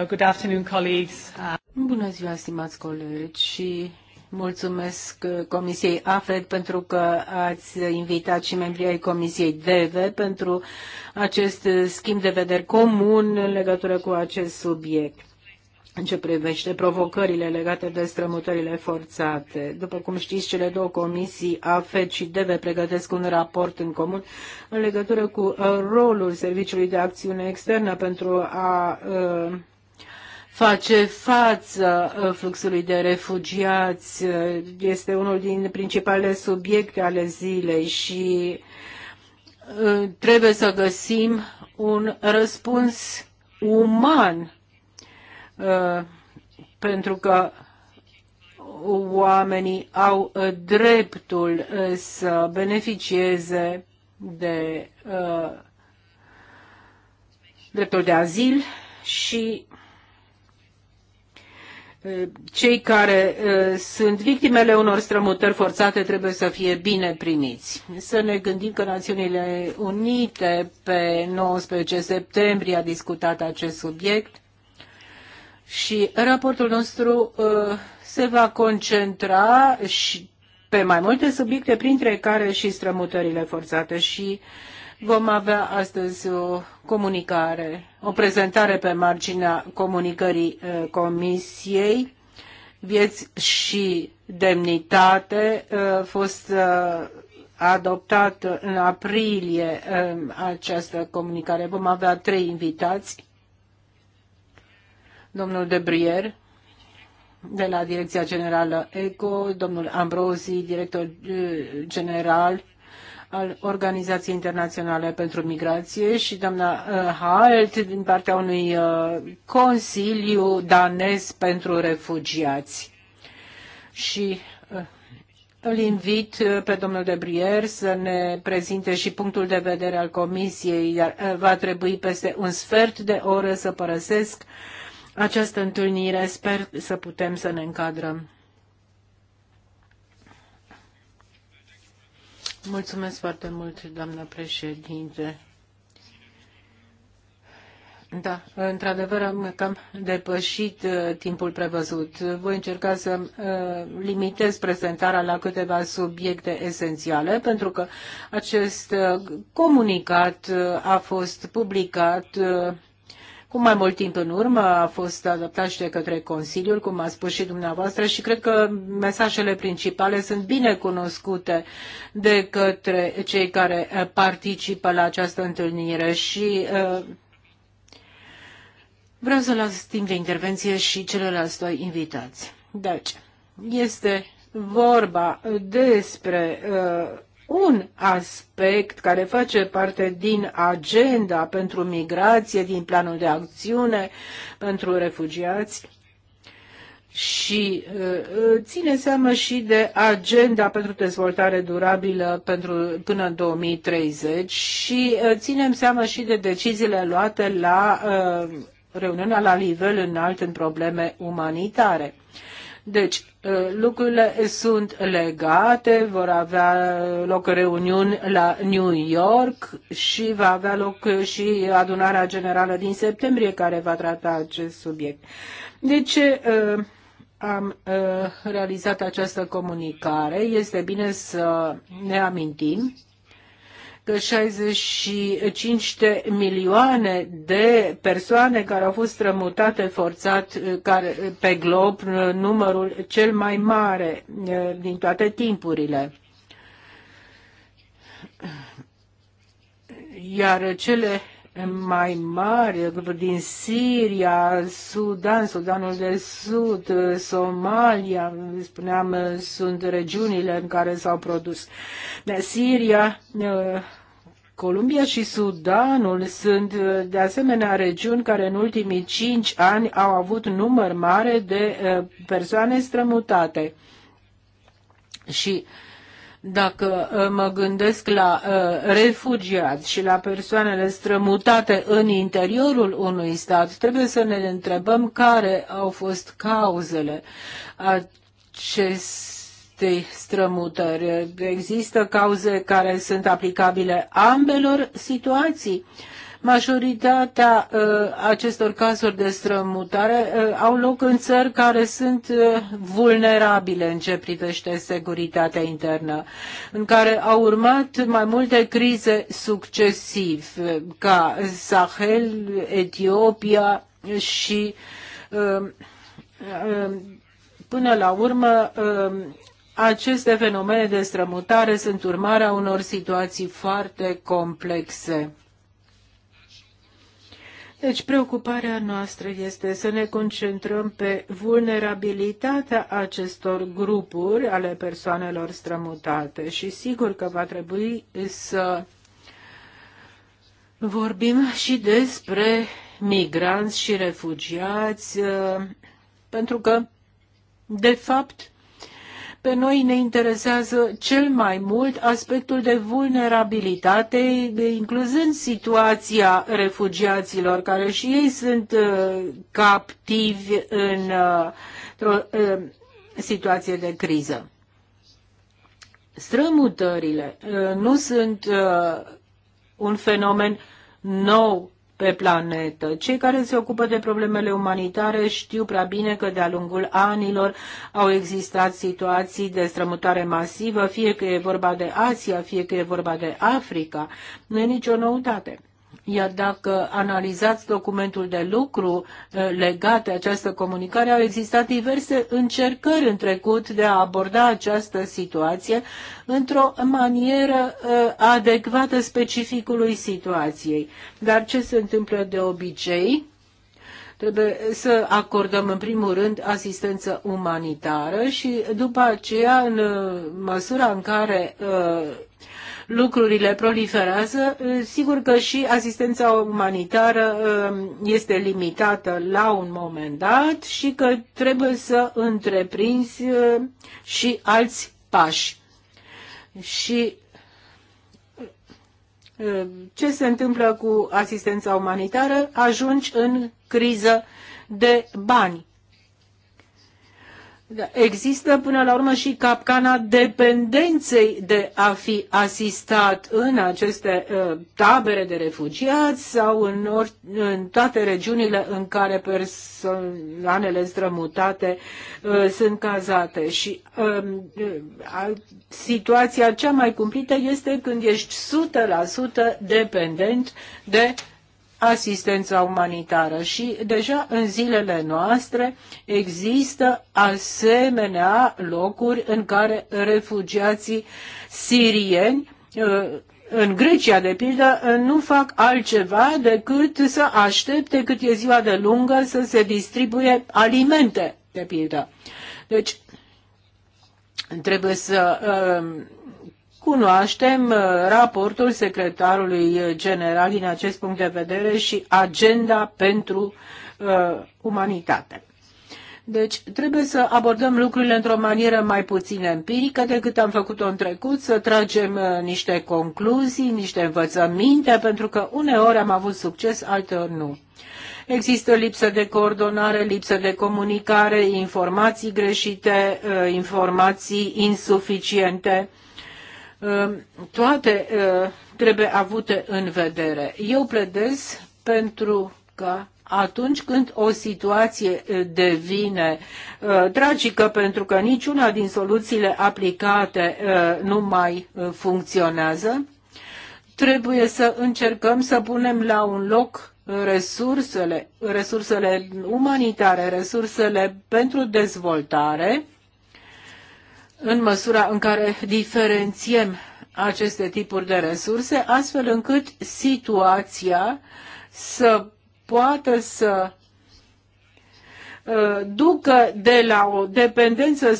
Uh, good afternoon, colleagues. Uh, Bună ziua, stimați colegi și mulțumesc uh, Comisiei AFED pentru că ați invitat și membrii ai Comisiei DV pentru acest schimb de vederi comun în legătură cu acest subiect în ce privește provocările legate de strămutările forțate. După cum știți, cele două comisii, AFET și DV pregătesc un raport în comun în legătură cu rolul Serviciului de Acțiune Externă pentru a uh, face față uh, fluxului de refugiați. Uh, este unul din principalele subiecte ale zilei și uh, trebuie să găsim un răspuns uman pentru că oamenii au dreptul să beneficieze de dreptul de azil și cei care sunt victimele unor strămutări forțate trebuie să fie bine primiți. Să ne gândim că Națiunile Unite pe 19 septembrie a discutat acest subiect și raportul nostru se va concentra și pe mai multe subiecte, printre care și strămutările forțate și uh, Vom avea astăzi o comunicare, o prezentare pe marginea comunicării eh, Comisiei Vieți și Demnitate, eh, fost eh, adoptat în aprilie această comunicare. Vom avea trei invitați. Domnul Debrier, de la Direcția Generală ECO, domnul Ambrosi, director general al Organizației Internaționale pentru Migrație și doamna uh, Halt din partea unui uh, Consiliu danez pentru refugiați. Și uh, îl invit pe domnul de Brier să ne prezinte și punctul de vedere al Comisiei, iar va trebui peste un sfert de oră să părăsesc această întâlnire. Sper să putem să ne încadrăm Mulțumesc foarte mult, doamnă președinte. Da, într-adevăr am cam depășit uh, timpul prevăzut. Voi încerca să uh, limitez prezentarea la câteva subiecte esențiale, pentru că acest uh, comunicat uh, a fost publicat uh, cu mai mult timp în urmă a fost adoptat și de către Consiliul, cum a spus și dumneavoastră, și cred că mesajele principale sunt bine cunoscute de către cei care eh, participă la această întâlnire și eh, vreau să las timp de intervenție și celorlalți doi invitați. Deci, este vorba despre uh, un aspect care face parte din agenda pentru migrație, din planul de acțiune pentru refugiați și uh, uh, ține seama și de agenda pentru dezvoltare durabilă pentru, până în 2030 și uh, ținem seama și de deciziile luate la reuniunea la nivel înalt în probleme umanitare. Deci, uh, lucrurile sunt legate, vor avea loc reuniuni la New York și va avea loc și adunarea generală din septembrie care va trata acest subiect. Deci, am uh, realizat această comunicare. Este bine să ne amintim că 65 de milioane de persoane care au fost strămutate forțat eh, care, eh, pe glob, eh, numărul cel mai mare din toate timpurile. Iar cele mai mari, din Siria, Sudan, Sudanul de Sud, Somalia, spuneam, sunt regiunile în care s-au produs. De Siria, Columbia și Sudanul sunt de asemenea regiuni care în ultimii cinci ani au avut număr mare de persoane strămutate. Și uh, dacă uh, mă gândesc la uh, refugiați și la persoanele strămutate în interiorul unui stat, trebuie să ne întrebăm care au fost cauzele acestei strămutări. Există cauze care sunt aplicabile ambelor situații Majoritatea uh, acestor cazuri de strămutare uh, au loc în țări care sunt uh, vulnerabile în ce privește securitatea internă, în care au urmat mai multe crize succesiv, uh, ca Sahel, Etiopia și um, um, până la urmă um, aceste fenomene de strămutare sunt urmarea unor situații foarte complexe. Deci preocuparea noastră este să ne concentrăm pe vulnerabilitatea acestor grupuri ale persoanelor strămutate și sigur că va trebui să vorbim și despre migranți și refugiați, uh, pentru că, de fapt, pe noi ne interesează cel mai mult aspectul de vulnerabilitate, incluzând situația refugiaților, care și ei sunt uh, captivi în uh, o uh, situație de criză. Strămutările nu sunt un fenomen nou pe planetă. Cei care se ocupă de problemele umanitare știu prea bine că de-a lungul anilor au existat situații de strămutare masivă, fie că e vorba de Asia, fie că e vorba de Africa. Nu e nicio noutate. Iar dacă analizați documentul de lucru uh, legat de această comunicare, au existat diverse încercări în trecut de a aborda această situație într-o manieră uh, adecvată specificului situației. Dar ce se întâmplă de obicei? trebuie să acordăm în primul rând asistență umanitară și după aceea, în uh, măsura în care uh, lucrurile proliferează, uh, sigur că și asistența umanitară uh, este limitată la un moment dat și că trebuie să întreprinzi uh, și alți pași. Și ce se întâmplă cu asistența umanitară? Ajungi în criză de bani da, există până la urmă și capcana dependenței de a fi asistat în aceste uh, tabere de refugiați sau în, or, în toate regiunile în care persoanele strămutate uh, sunt cazate. Și uh, uh, situația cea mai cumplită este când ești 100% dependent de asistența umanitară și deja în zilele noastre există asemenea locuri în care refugiații sirieni uh, în Grecia, de pildă, uh, nu fac altceva decât să aștepte cât e ziua de lungă să se distribuie alimente, de pildă. Deci, trebuie să uh, Cunoaștem uh, raportul secretarului uh, general din acest punct de vedere și agenda pentru uh, umanitate. Deci trebuie să abordăm lucrurile într-o manieră mai puțin empirică decât am făcut-o în trecut, să tragem uh, niște concluzii, niște învățăminte, pentru că uneori am avut succes, alteori nu. Există lipsă de coordonare, lipsă de comunicare, informații greșite, informații insuficiente Ehm, toate ehm, trebuie avute în vedere. Eu pledez pentru că atunci când o situație eh, devine eh, tragică pentru că niciuna din soluțiile aplicate eh, nu mai funcționează, trebuie să încercăm să punem la un loc resursele, resursele umanitare, resursele pentru dezvoltare în măsura în care diferențiem aceste tipuri de resurse, astfel încât situația să poată să uh, ducă de la o dependență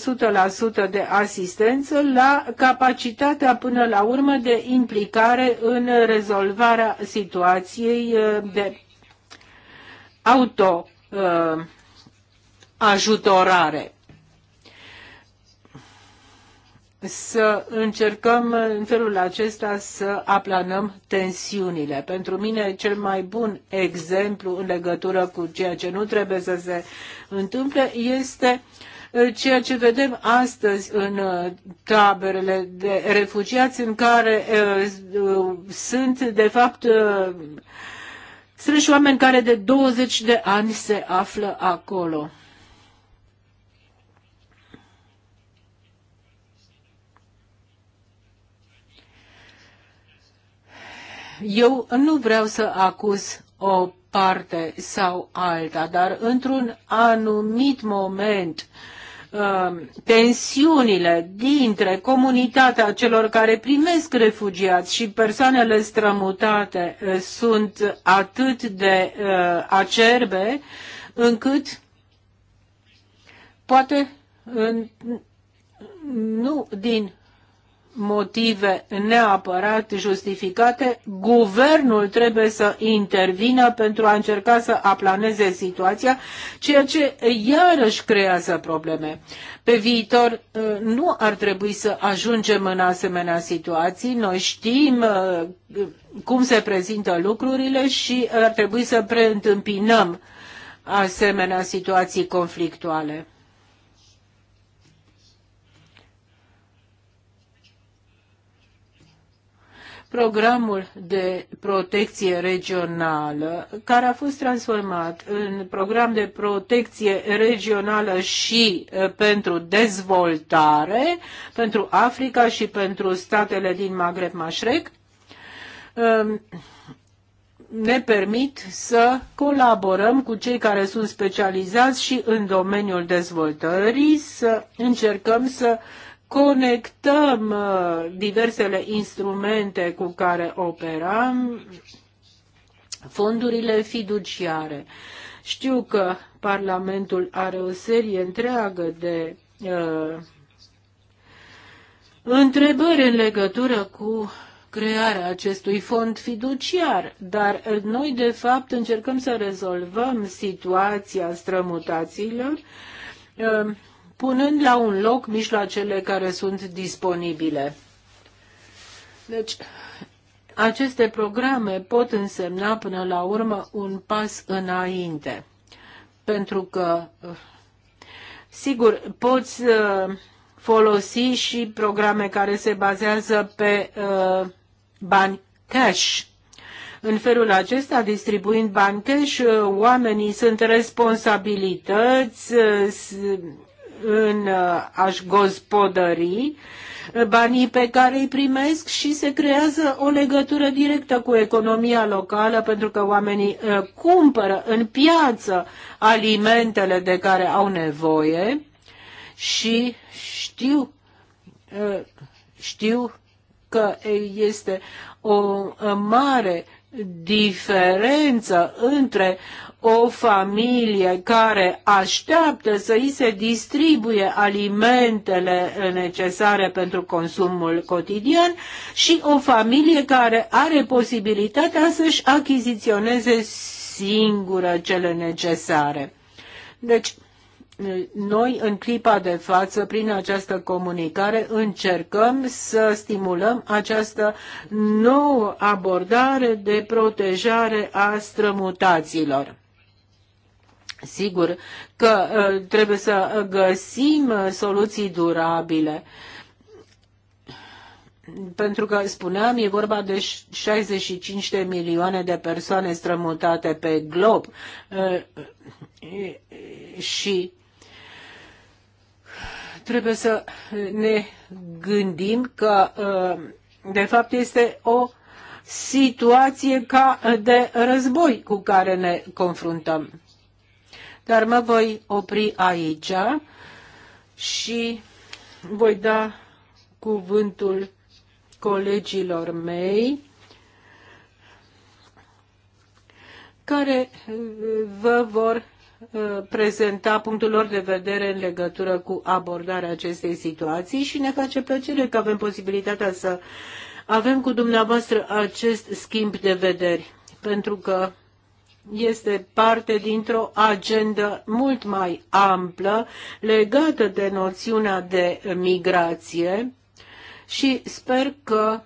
100% de asistență la capacitatea până la urmă de implicare în rezolvarea situației uh, de autoajutorare. Uh, să încercăm în felul acesta să aplanăm tensiunile. Pentru mine cel mai bun exemplu în legătură cu ceea ce nu trebuie să se întâmple este uh, ceea ce vedem astăzi în uh, taberele de refugiați în care uh, sunt de fapt sunt și oameni care de 20 de ani se află acolo. eu nu vreau să acuz o parte sau alta, dar într-un anumit moment um, tensiunile dintre comunitatea celor care primesc refugiați și persoanele strămutate uh, sunt atât de uh, acerbe încât poate nu din motive neapărat justificate, guvernul trebuie să intervină pentru a încerca să aplaneze situația, ceea ce iarăși creează probleme. Pe viitor uh, nu ar trebui să ajungem în asemenea situații. Noi știm uh, cum se prezintă lucrurile și ar trebui să preîntâmpinăm asemenea situații conflictuale. programul de protecție regională, care a fost transformat în program de protecție regională și pentru dezvoltare, pentru Africa și pentru statele din Maghreb Mașrec, ne permit să colaborăm cu cei care sunt specializați și în domeniul dezvoltării, să încercăm să conectăm uh, diversele instrumente cu care operăm, fondurile fiduciare. Știu că Parlamentul are o serie întreagă de uh, întrebări în legătură cu crearea acestui fond fiduciar, dar noi de fapt încercăm să rezolvăm situația strămutaților uh, punând la un loc mijloacele care sunt disponibile. Deci, aceste programe pot însemna până la urmă un pas înainte, pentru că, sigur, poți uh, folosi și programe care se bazează pe uh, bani cash. În felul acesta, distribuind bani cash, uh, oamenii sunt responsabilități, în uh, a-și gospodări uh, banii pe care îi primesc și se creează o legătură directă cu economia locală pentru că oamenii uh, cumpără în piață alimentele de care au nevoie și știu, știu că este o mare diferență între o familie care așteaptă să îi se distribuie alimentele necesare pentru consumul cotidian și o familie care are posibilitatea să-și achiziționeze singură cele necesare. Deci, noi în clipa de față, prin această comunicare, încercăm să stimulăm această nouă abordare de protejare a strămutaților. Sigur că ă, trebuie să găsim soluții durabile. Pentru că, spuneam, e vorba de 65 de milioane de persoane strămutate pe glob ă, ă, și trebuie să ne gândim că, de fapt, este o situație ca de război cu care ne confruntăm dar mă voi opri aici și voi da cuvântul colegilor mei care uh, vă vor uh, prezenta punctul lor de vedere în legătură cu abordarea acestei situații și ne face plăcere că avem posibilitatea să avem cu dumneavoastră acest schimb de vederi, pentru că este parte dintr-o agendă mult mai amplă legată de noțiunea de migrație și sper că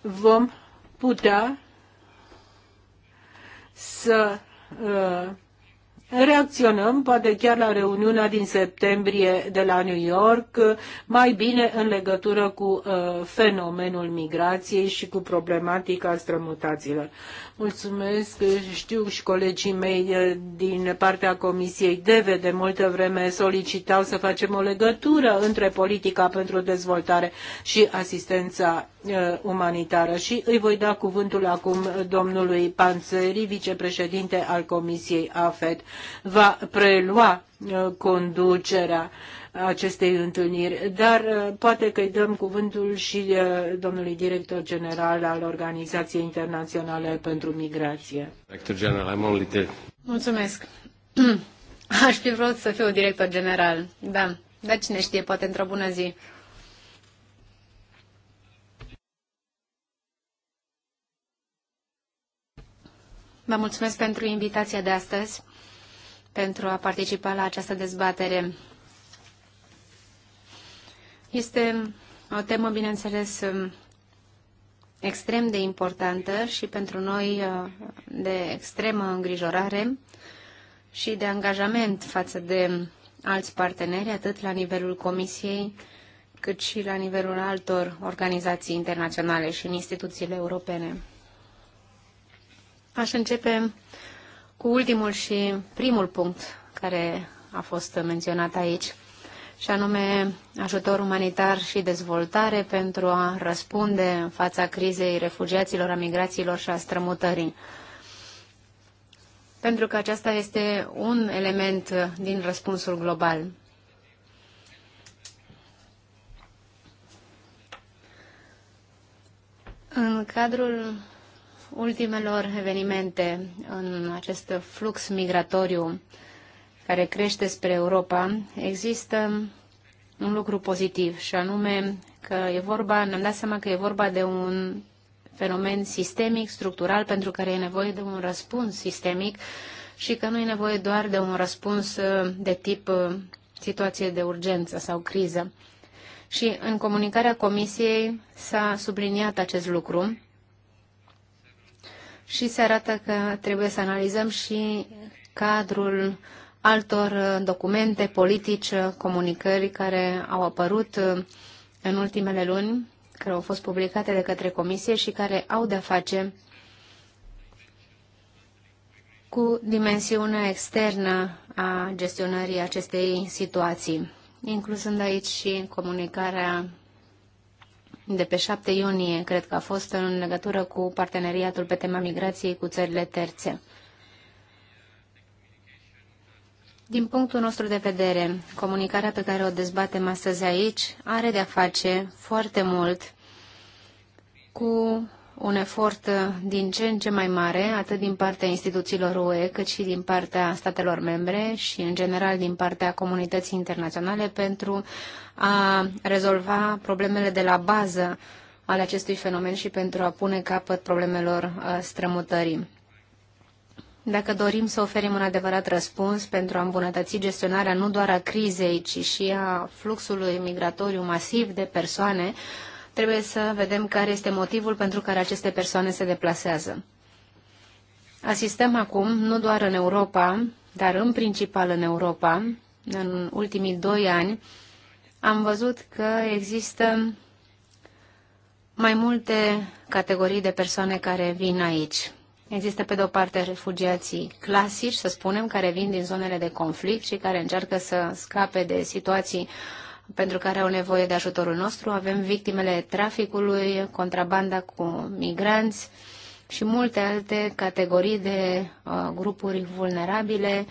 vom putea să uh, reacționăm, poate chiar la reuniunea din septembrie de la New York, mai bine în legătură cu uh, fenomenul migrației și cu problematica strămutaților. Mulțumesc, știu și colegii mei uh, din partea Comisiei DV de multă vreme solicitau să facem o legătură între politica pentru dezvoltare și asistența uh, umanitară și îi voi da cuvântul acum domnului Panțeri, vicepreședinte al Comisiei AFET va prelua uh, conducerea acestei întâlniri, dar uh, poate că îi dăm cuvântul și uh, domnului director general al Organizației Internaționale pentru Migrație. Director general, only there. Mulțumesc. Aș fi vrut să fiu director general, da. Dar cine știe, poate într-o bună zi. Vă mulțumesc pentru invitația de astăzi pentru a participa la această dezbatere. Este o temă, bineînțeles, extrem de importantă și pentru noi uh, de extremă îngrijorare și de angajament față de alți parteneri, atât la nivelul Comisiei, cât și la nivelul altor organizații internaționale și în instituțiile europene. Aș începe cu ultimul și primul punct care a fost menționat aici, și anume ajutor umanitar și dezvoltare pentru a răspunde în fața crizei refugiaților, a migrațiilor și a strămutării. Pentru că aceasta este un element din răspunsul global. În cadrul ultimelor evenimente în acest flux migratoriu care crește spre Europa, există un lucru pozitiv și anume că e vorba, ne-am dat seama că e vorba de un fenomen sistemic, structural, pentru care e nevoie de un răspuns sistemic și că nu e nevoie doar de un răspuns uh, de tip uh, situație de urgență sau criză. Și în comunicarea Comisiei s-a subliniat acest lucru și se arată că trebuie să analizăm și cadrul altor documente, politici, comunicări care au apărut uh, în ultimele luni, care au fost publicate de către Comisie și care au de-a face cu dimensiunea externă a gestionării acestei situații, inclusând aici și comunicarea de pe 7 iunie, cred că a fost, în legătură cu parteneriatul pe tema migrației cu țările terțe. Din punctul nostru de vedere, comunicarea pe care o dezbatem astăzi aici are de-a face foarte mult cu un efort din ce în ce mai mare, atât din partea instituțiilor UE, cât și din partea statelor membre și, în general, din partea comunității internaționale pentru a rezolva problemele de la bază ale acestui fenomen și pentru a pune capăt problemelor uh, strămutării. Dacă dorim să oferim un adevărat răspuns pentru a îmbunătăți gestionarea nu doar a crizei, ci și a fluxului migratoriu masiv de persoane, Trebuie să vedem care este motivul pentru care aceste persoane se deplasează. Asistăm acum, nu doar în Europa, dar în principal în Europa, în ultimii doi ani, am văzut că există mai multe categorii de persoane care vin aici. Există, pe de o parte, refugiații clasici, să spunem, care vin din zonele de conflict și care încearcă să scape de situații uh, pentru care au nevoie de ajutorul nostru. Avem victimele traficului, contrabanda cu migranți și multe alte categorii de uh, grupuri vulnerabile,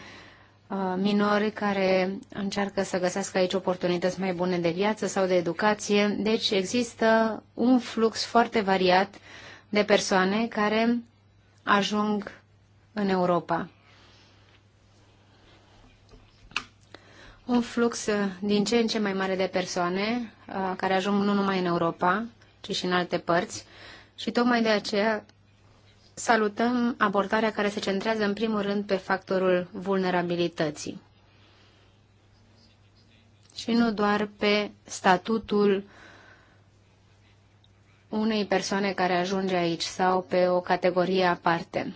uh, minori care încearcă să găsească aici oportunități mai bune de viață sau de educație. Deci există un flux foarte variat de persoane care ajung în Europa. un flux uh, din ce în ce mai mare de persoane uh, care ajung nu numai în Europa, ci și în alte părți. Și tocmai de aceea salutăm abordarea care se centrează în primul rând pe factorul vulnerabilității și nu doar pe statutul unei persoane care ajunge aici sau pe o categorie aparte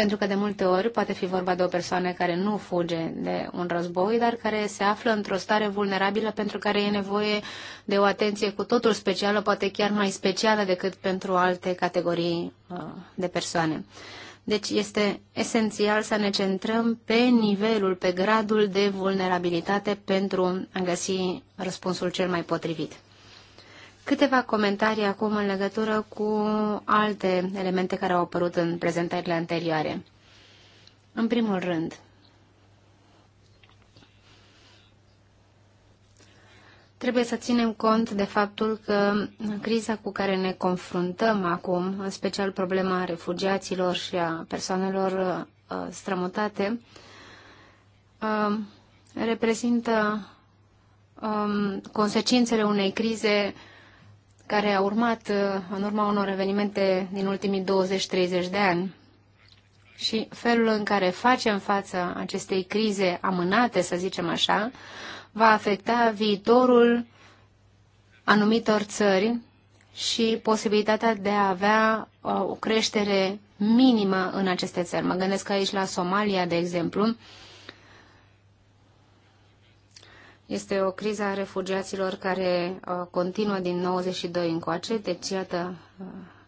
pentru că de multe ori poate fi vorba de o persoană care nu fuge de un război, dar care se află într-o stare vulnerabilă pentru care e nevoie de o atenție cu totul specială, poate chiar mai specială decât pentru alte categorii uh, de persoane. Deci este esențial să ne centrăm pe nivelul, pe gradul de vulnerabilitate pentru a găsi răspunsul cel mai potrivit. Câteva comentarii acum în legătură cu alte elemente care au apărut în prezentările anterioare. În primul rând, trebuie să ținem cont de faptul că criza cu care ne confruntăm acum, în special problema refugiaților și a persoanelor uh, strămutate, uh, reprezintă um, consecințele unei crize care a urmat uh, în urma unor evenimente din ultimii 20-30 de ani. Și felul în care facem față acestei crize amânate, să zicem așa, va afecta viitorul anumitor țări și posibilitatea de a avea uh, o creștere minimă în aceste țări. Mă gândesc aici la Somalia, de exemplu, este o criză a refugiaților care uh, continuă din 92 încoace, deci iată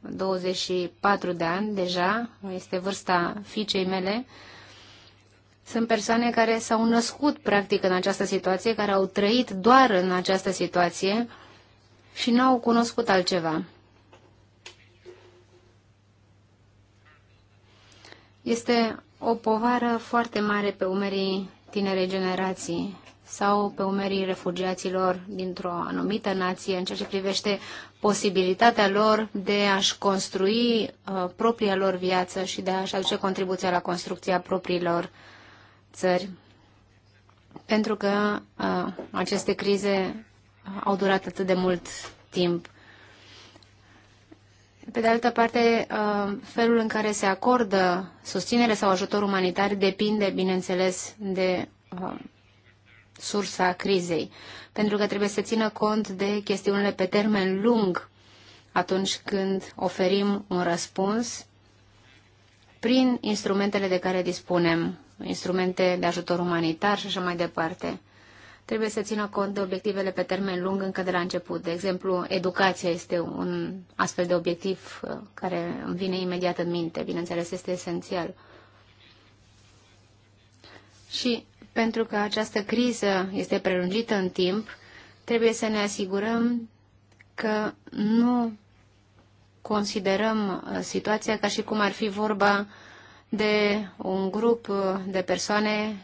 24 uh, de ani deja, este vârsta fiicei mele. Sunt persoane care s-au născut practic în această situație, care au trăit doar în această situație și n-au cunoscut altceva. Este o povară foarte mare pe umerii tinerei generații sau pe umerii refugiaților dintr-o anumită nație în ceea ce privește posibilitatea lor de a-și construi uh, propria lor viață și de a-și aduce contribuția la construcția propriilor țări. Pentru că uh, aceste crize uh, au durat atât de mult timp. Pe de altă parte, uh, felul în care se acordă susținere sau ajutor umanitar depinde, bineînțeles, de uh, sursa crizei, pentru că trebuie să țină cont de chestiunile pe termen lung atunci când oferim un răspuns prin instrumentele de care dispunem, instrumente de ajutor umanitar și așa mai departe. Trebuie să țină cont de obiectivele pe termen lung încă de la început. De exemplu, educația este un astfel de obiectiv uh, care îmi vine imediat în minte. Bineînțeles, este esențial. Și pentru că această criză este prelungită în timp, trebuie să ne asigurăm că nu considerăm uh, situația ca și cum ar fi vorba de un grup uh, de persoane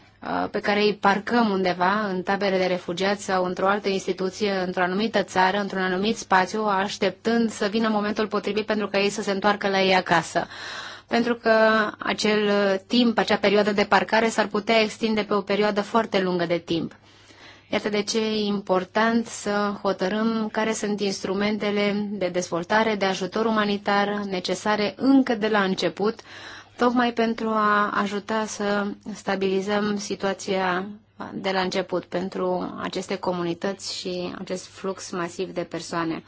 uh, pe care îi parcăm undeva în tabere de refugiați sau într-o altă instituție, într-o anumită țară, într-un anumit spațiu, așteptând să vină momentul potrivit pentru ca ei să se întoarcă la ei acasă pentru că acel timp, acea perioadă de parcare s-ar putea extinde pe o perioadă foarte lungă de timp. Iată de ce e important să hotărâm care sunt instrumentele de dezvoltare, de ajutor umanitar necesare încă de la început, tocmai pentru a ajuta să stabilizăm situația de la început pentru aceste comunități și acest flux masiv de persoane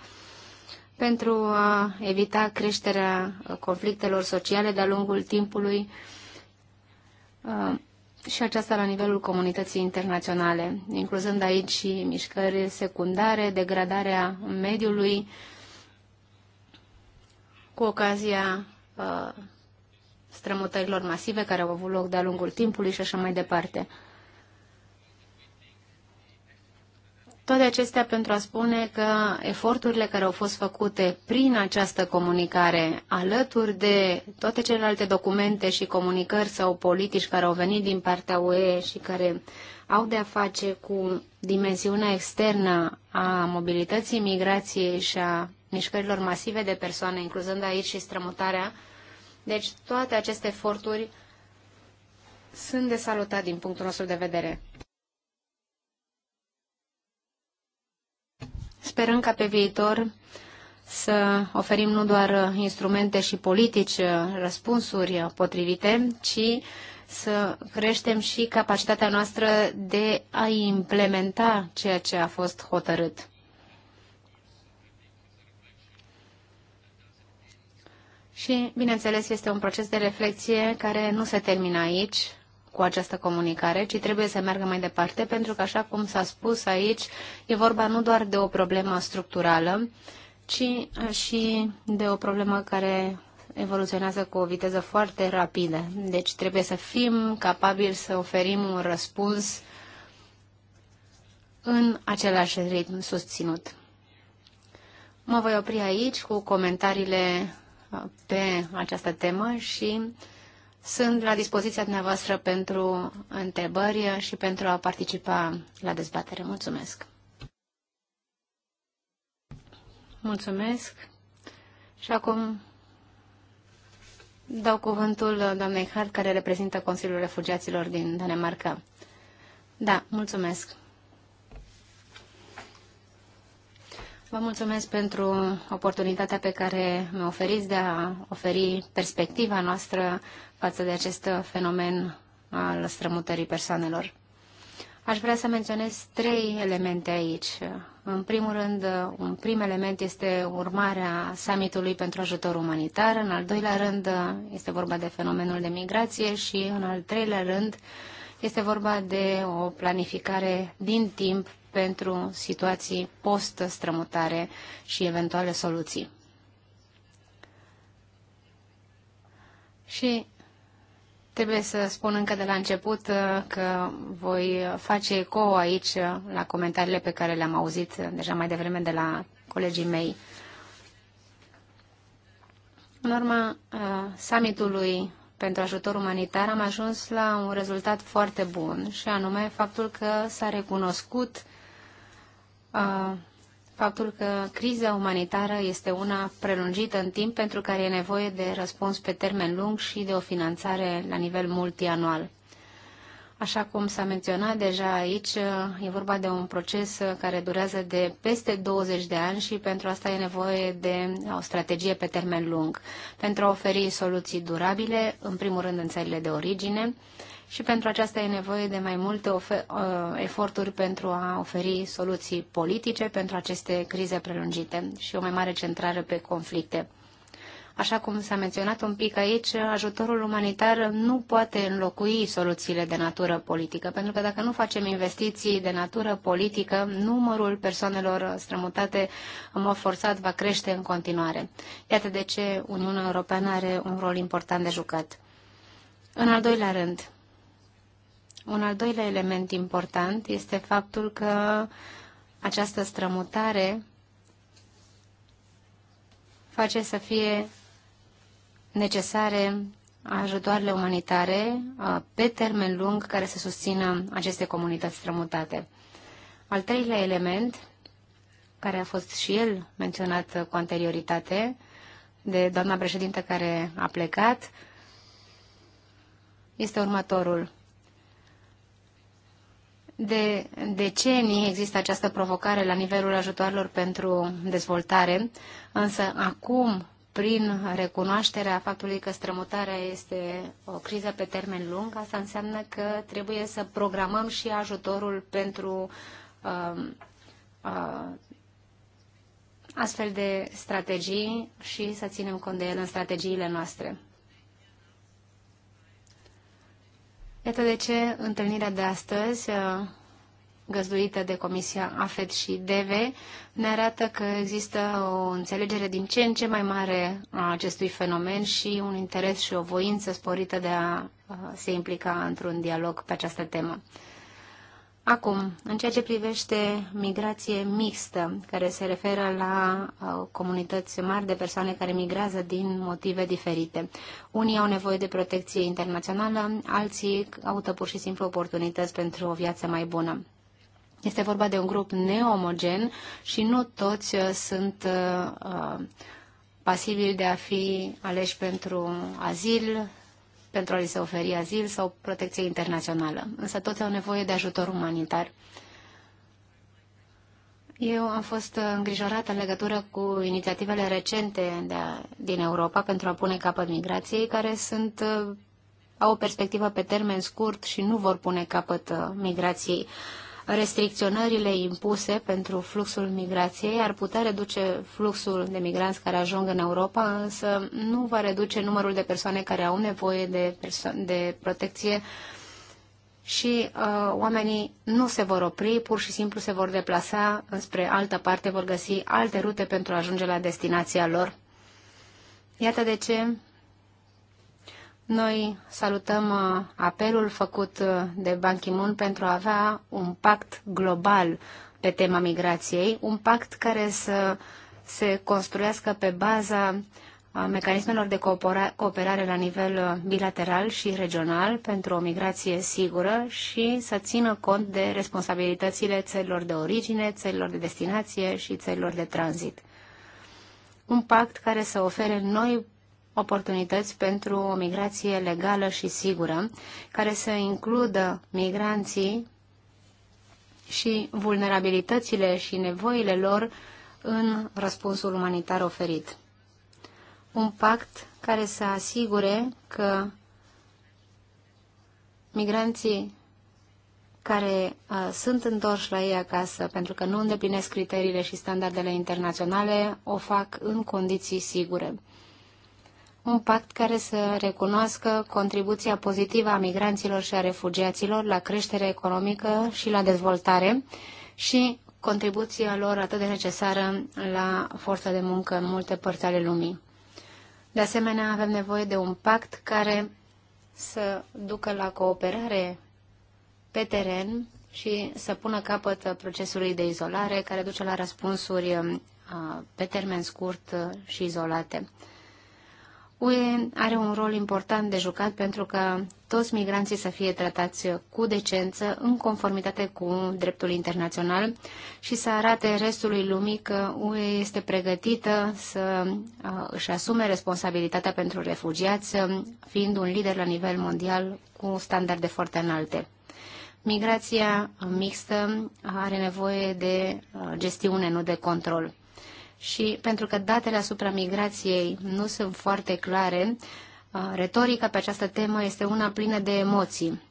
pentru a evita creșterea conflictelor sociale de-a lungul timpului uh, și aceasta la nivelul comunității internaționale, incluzând aici și mișcări secundare, degradarea mediului, cu ocazia uh, strămutărilor masive care au avut loc de-a lungul timpului și așa mai departe. Toate acestea pentru a spune că eforturile care au fost făcute prin această comunicare, alături de toate celelalte documente și comunicări sau politici care au venit din partea UE și care au de-a face cu dimensiunea externă a mobilității, migrației și a mișcărilor masive de persoane, incluzând aici și strămutarea. Deci toate aceste eforturi sunt de salutat din punctul nostru de vedere. Sperăm ca pe viitor să oferim nu doar instrumente și politici răspunsuri potrivite, ci să creștem și capacitatea noastră de a implementa ceea ce a fost hotărât. Și, bineînțeles, este un proces de reflexie care nu se termină aici, cu această comunicare, ci trebuie să meargă mai departe, pentru că, așa cum s-a spus aici, e vorba nu doar de o problemă structurală, ci uh, și de o problemă care evoluționează cu o viteză foarte rapidă. Deci trebuie să fim capabili să oferim un răspuns în același ritm susținut. Mă voi opri aici cu comentariile uh, pe această temă și sunt la dispoziția dumneavoastră pentru întrebări și pentru a participa la dezbatere. Mulțumesc! Mulțumesc! Și acum dau cuvântul doamnei Hart, care reprezintă Consiliul Refugiaților din Danemarca. Da, mulțumesc! Vă mulțumesc pentru oportunitatea pe care mi-o oferiți de a oferi perspectiva noastră față de acest fenomen al strămutării persoanelor. Aș vrea să menționez trei elemente aici. În primul rând, un prim element este urmarea summitului pentru ajutor umanitar, în al doilea rând este vorba de fenomenul de migrație și în al treilea rând este vorba de o planificare din timp pentru situații post-strămutare și eventuale soluții. Și trebuie să spun încă de la început uh, că voi face eco aici uh, la comentariile pe care le-am auzit uh, deja mai devreme de la colegii mei. În urma summitului pentru ajutor umanitar, am ajuns la un rezultat foarte bun și anume faptul că s-a recunoscut uh, faptul că criza umanitară este una prelungită în timp pentru care e nevoie de răspuns pe termen lung și de o finanțare la nivel multianual. Așa cum s-a menționat deja aici, e vorba de un proces care durează de peste 20 de ani și pentru asta e nevoie de o strategie pe termen lung, pentru a oferi soluții durabile, în primul rând în țările de origine, și pentru aceasta e nevoie de mai multe uh, eforturi pentru a oferi soluții politice pentru aceste crize prelungite și o mai mare centrare pe conflicte. Așa cum s-a menționat un pic aici, ajutorul umanitar nu poate înlocui soluțiile de natură politică, pentru că dacă nu facem investiții de natură politică, numărul persoanelor strămutate în mod forțat va crește în continuare. Iată de ce Uniunea Europeană are un rol important de jucat. În al doilea rând, un al doilea element important este faptul că această strămutare face să fie necesare ajutoarele umanitare pe termen lung care să susțină aceste comunități strămutate. Al treilea element, care a fost și el menționat cu anterioritate de doamna președintă care a plecat, este următorul. De decenii există această provocare la nivelul ajutoarelor pentru dezvoltare, însă acum prin recunoașterea faptului că strămutarea este o criză pe termen lung, asta înseamnă că trebuie să programăm și ajutorul pentru uh, uh, astfel de strategii și să ținem cont de ele în strategiile noastre. Iată de ce întâlnirea de astăzi uh, găzduită de Comisia AFET și DV ne arată că există o înțelegere din ce în ce mai mare a acestui fenomen și un interes și o voință sporită de a se implica într-un dialog pe această temă. Acum, în ceea ce privește migrație mixtă, care se referă la comunități mari de persoane care migrează din motive diferite. Unii au nevoie de protecție internațională, alții caută pur și simplu oportunități pentru o viață mai bună. Este vorba de un grup neomogen și nu toți uh, sunt uh, pasibili de a fi aleși pentru azil, pentru a li se oferi azil sau protecție internațională. Însă toți au nevoie de ajutor umanitar. Eu am fost îngrijorată în legătură cu inițiativele recente de a, din Europa pentru a pune capăt migrației, care sunt, uh, au o perspectivă pe termen scurt și nu vor pune capăt uh, migrației. Uh, restricționările impuse pentru fluxul migrației ar putea reduce fluxul de migranți care ajung în Europa, însă nu va reduce numărul de persoane care au nevoie de, de protecție și uh, oamenii nu se vor opri, pur și simplu se vor deplasa înspre altă parte, vor găsi alte rute pentru a ajunge la destinația lor. Iată de ce noi salutăm uh, apelul făcut uh, de Ban Ki-moon pentru a avea un pact global pe tema migrației, un pact care să se construiască pe baza uh, mecanismelor de cooperare la nivel bilateral și regional pentru o migrație sigură și să țină cont de responsabilitățile țărilor de origine, țărilor de destinație și țărilor de tranzit. Un pact care să ofere noi oportunități pentru o migrație legală și sigură, care să includă migranții și vulnerabilitățile și nevoile lor în răspunsul umanitar oferit. Un pact care să asigure că migranții care uh, sunt întorși la ei acasă pentru că nu îndeplinesc criteriile și standardele internaționale, o fac în condiții sigure un pact care să recunoască contribuția pozitivă a migranților și a refugiaților la creștere economică și la dezvoltare și contribuția lor atât de necesară la forța de muncă în multe părți ale lumii. De asemenea, avem nevoie de un pact care să ducă la cooperare pe teren și să pună capăt procesului de izolare care duce la răspunsuri uh, pe termen scurt și izolate. UE are un rol important de jucat pentru că toți migranții să fie tratați cu decență, în conformitate cu dreptul internațional și să arate restului lumii că UE este pregătită să își asume responsabilitatea pentru refugiați, fiind un lider la nivel mondial cu standarde foarte înalte. Migrația mixtă are nevoie de gestiune, nu de control și pentru că datele asupra migrației nu sunt foarte clare, uh, retorica pe această temă este una plină de emoții.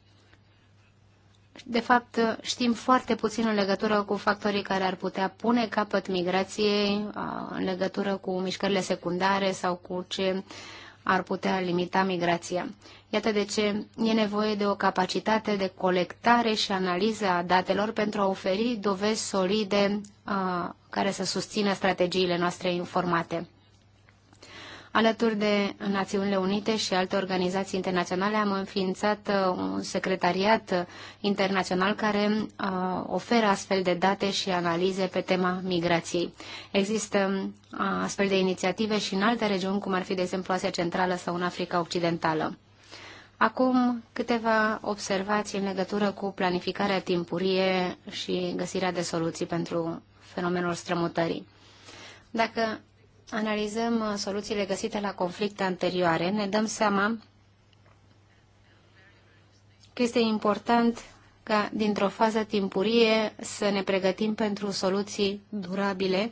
De fapt, știm foarte puțin în legătură cu factorii care ar putea pune capăt migrației, uh, în legătură cu mișcările secundare sau cu ce uh, ar putea limita migrația. Iată de ce e nevoie de o capacitate de colectare și analiză a datelor pentru a oferi dovezi solide uh, care să susțină strategiile noastre informate. Alături de Națiunile Unite și alte organizații internaționale am înființat uh, un secretariat internațional care uh, oferă astfel de date și analize pe tema migrației. Există uh, astfel de inițiative și în alte regiuni, cum ar fi, de exemplu, Asia Centrală sau în Africa Occidentală. Acum câteva observații în legătură cu planificarea timpurie și găsirea de soluții pentru fenomenul strămutării. Dacă analizăm uh, soluțiile găsite la conflicte anterioare, ne dăm seama că este important ca dintr-o fază timpurie să ne pregătim pentru soluții durabile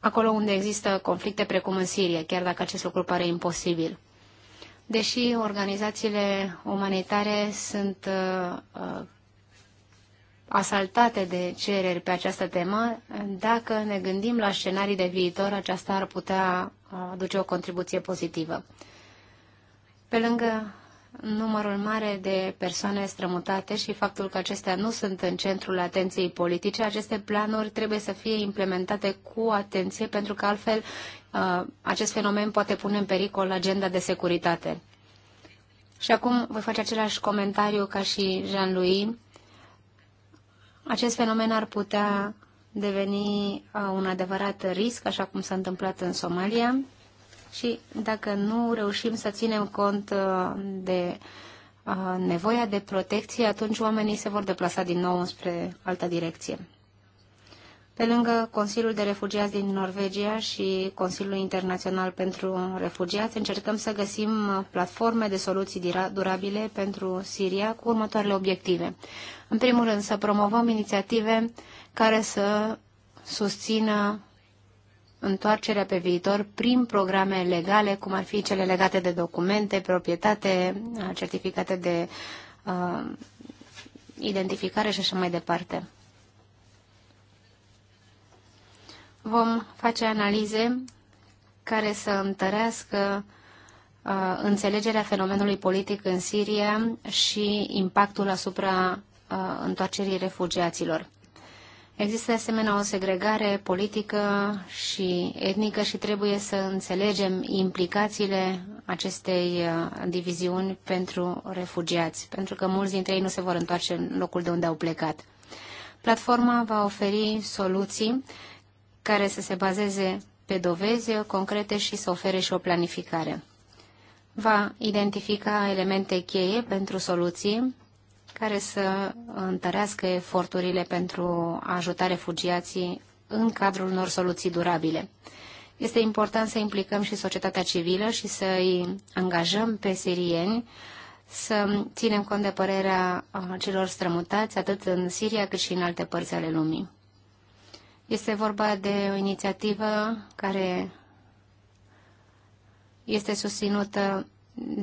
acolo unde există conflicte precum în Sirie, chiar dacă acest lucru pare imposibil. Deși organizațiile umanitare sunt uh, uh asaltate de cereri pe această temă. Dacă ne gândim la scenarii de viitor, aceasta ar putea uh, aduce o contribuție pozitivă. Pe lângă numărul mare de persoane strămutate și faptul că acestea nu sunt în centrul atenției politice, aceste planuri trebuie să fie implementate cu atenție, pentru că altfel uh, acest fenomen poate pune în pericol agenda de securitate. Și acum voi face același comentariu ca și Jean-Louis acest fenomen ar putea deveni uh, un adevărat risc, așa cum s-a întâmplat în Somalia, și dacă nu reușim să ținem cont uh, de uh, nevoia de protecție, atunci oamenii se vor deplasa din nou spre altă direcție. Pe lângă Consiliul de Refugiați din Norvegia și Consiliul Internațional pentru Refugiați, încercăm să găsim platforme de soluții durabile pentru Siria cu următoarele obiective. În primul rând, să promovăm inițiative care să susțină întoarcerea pe viitor prin programe legale, cum ar fi cele legate de documente, proprietate, certificate de uh, identificare și așa mai departe. Vom face analize care să întărească uh, înțelegerea fenomenului politic în Siria și impactul asupra întoarcerii refugiaților. Există de asemenea o segregare politică și etnică și trebuie să înțelegem implicațiile acestei diviziuni pentru refugiați, pentru că mulți dintre ei nu se vor întoarce în locul de unde au plecat. Platforma va oferi soluții care să se bazeze pe dovezi concrete și să ofere și o planificare. Va identifica elemente cheie pentru soluții care să întărească eforturile pentru a ajuta refugiații în cadrul unor soluții durabile. Este important să implicăm și societatea civilă și să îi angajăm pe sirieni să ținem cont de părerea celor strămutați, atât în Siria cât și în alte părți ale lumii. Este vorba de o inițiativă care este susținută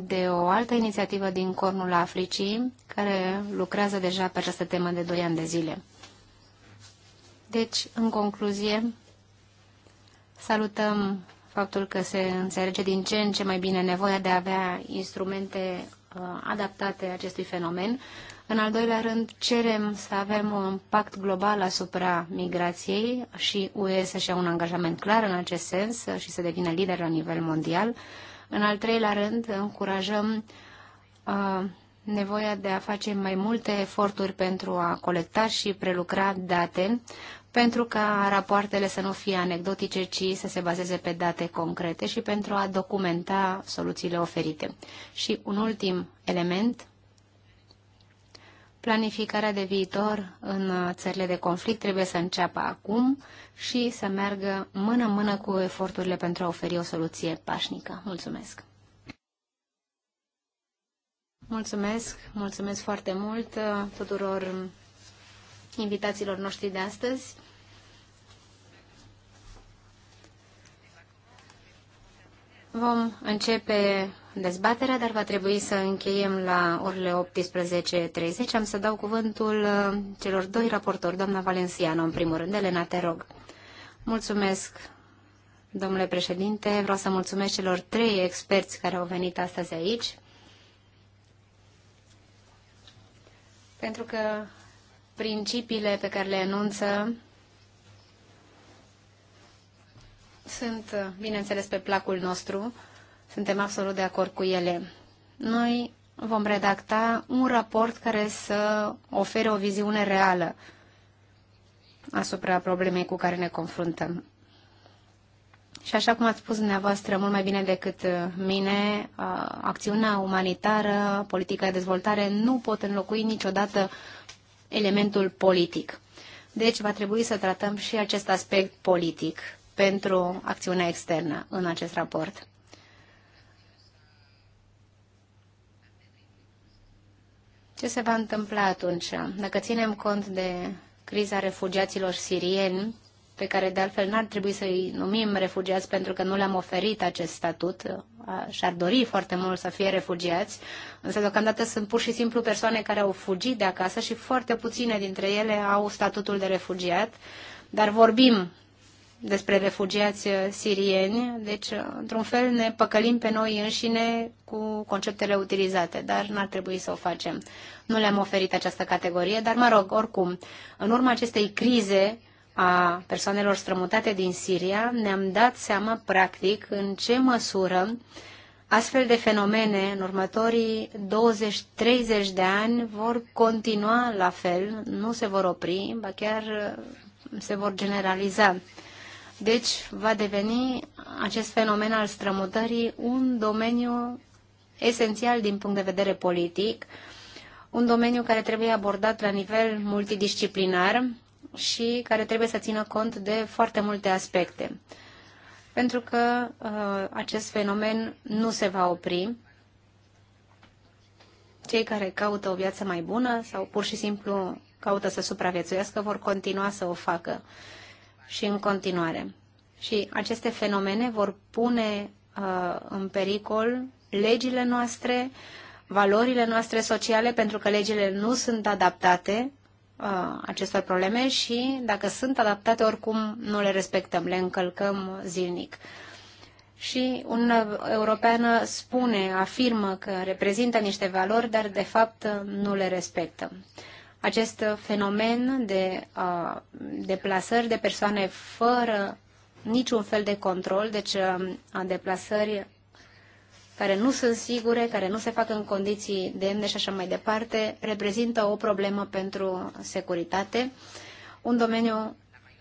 de o altă inițiativă din Cornul Africii, care lucrează deja pe această temă de 2 ani de zile. Deci, în concluzie, salutăm faptul că se înțelege din ce în ce mai bine nevoia de a avea instrumente uh, adaptate acestui fenomen. În al doilea rând, cerem să avem un pact global asupra migrației și UE să-și ia un angajament clar în acest sens și să devină lider la nivel mondial. În al treilea rând, încurajăm uh, nevoia de a face mai multe eforturi pentru a colecta și prelucra date, pentru ca rapoartele să nu fie anecdotice, ci să se bazeze pe date concrete și pentru a documenta soluțiile oferite. Și un ultim element Planificarea de viitor în uh, țările de conflict trebuie să înceapă acum și să meargă mână-mână cu eforturile pentru a oferi o soluție pașnică. Mulțumesc! Mulțumesc, mulțumesc foarte mult uh, tuturor invitațiilor noștri de astăzi. Vom începe dezbaterea, dar va trebui să încheiem la orele 18.30. Am să dau cuvântul uh, celor doi raportori, doamna Valenciano, în primul rând. Elena, te rog. Mulțumesc, domnule președinte. Vreau să mulțumesc celor trei experți care au venit astăzi aici. Pentru că principiile pe care le enunță sunt, uh, bineînțeles, pe placul nostru, suntem absolut de acord cu ele. Noi vom redacta un raport care să ofere o viziune reală asupra problemei cu care ne confruntăm. Și așa cum ați spus dumneavoastră mult mai bine decât uh, mine, uh, acțiunea umanitară, politica de dezvoltare nu pot înlocui niciodată elementul politic. Deci va trebui să tratăm și acest aspect politic pentru acțiunea externă în acest raport. Ce se va întâmpla atunci? Dacă ținem cont de criza refugiaților sirieni, pe care de altfel n-ar trebui să-i numim refugiați pentru că nu le-am oferit acest statut, și-ar dori foarte mult să fie refugiați, însă deocamdată sunt pur și simplu persoane care au fugit de acasă și foarte puține dintre ele au statutul de refugiat, dar vorbim despre refugiați uh, sirieni, deci, uh, într-un fel, ne păcălim pe noi înșine cu conceptele utilizate, dar n-ar trebui să o facem. Nu le-am oferit această categorie, dar, mă rog, oricum, în urma acestei crize a persoanelor strămutate din Siria, ne-am dat seama, practic, în ce măsură astfel de fenomene în următorii 20-30 de ani vor continua la fel, nu se vor opri, ba chiar uh, se vor generaliza. Deci va deveni acest fenomen al strămutării un domeniu esențial din punct de vedere politic, un domeniu care trebuie abordat la nivel multidisciplinar și care trebuie să țină cont de foarte multe aspecte. Pentru că uh, acest fenomen nu se va opri. Cei care caută o viață mai bună sau pur și simplu caută să supraviețuiască vor continua să o facă. Uh, și în continuare. Și aceste fenomene vor pune uh, în pericol legile noastre, valorile noastre sociale, pentru că legile nu sunt adaptate uh, acestor probleme și dacă sunt adaptate, oricum nu le respectăm, le încălcăm zilnic. Și un european spune, afirmă că reprezintă niște valori, dar de fapt nu le respectă. Uh, acest fenomen de uh, deplasări de persoane fără niciun fel de control, deci uh, deplasări care nu sunt sigure, care nu se fac în condiții demne și așa mai departe, reprezintă o problemă pentru securitate, un domeniu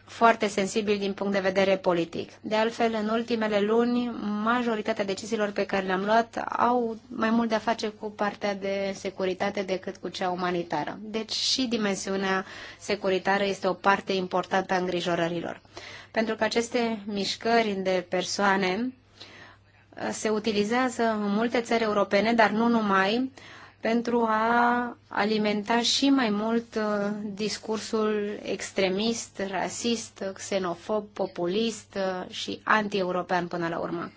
foarte sensibil din punct de vedere politic. De altfel, în ultimele luni, majoritatea deciziilor pe care le-am luat au mai mult de a face cu partea de securitate decât cu cea umanitară. Deci și dimensiunea securitară este o parte importantă a îngrijorărilor. Pentru că aceste mișcări de persoane uh, se utilizează în multe țări europene, dar nu numai, pentru a alimenta și mai mult uh, discursul extremist, rasist, xenofob, populist uh, și anti-european până la urmă.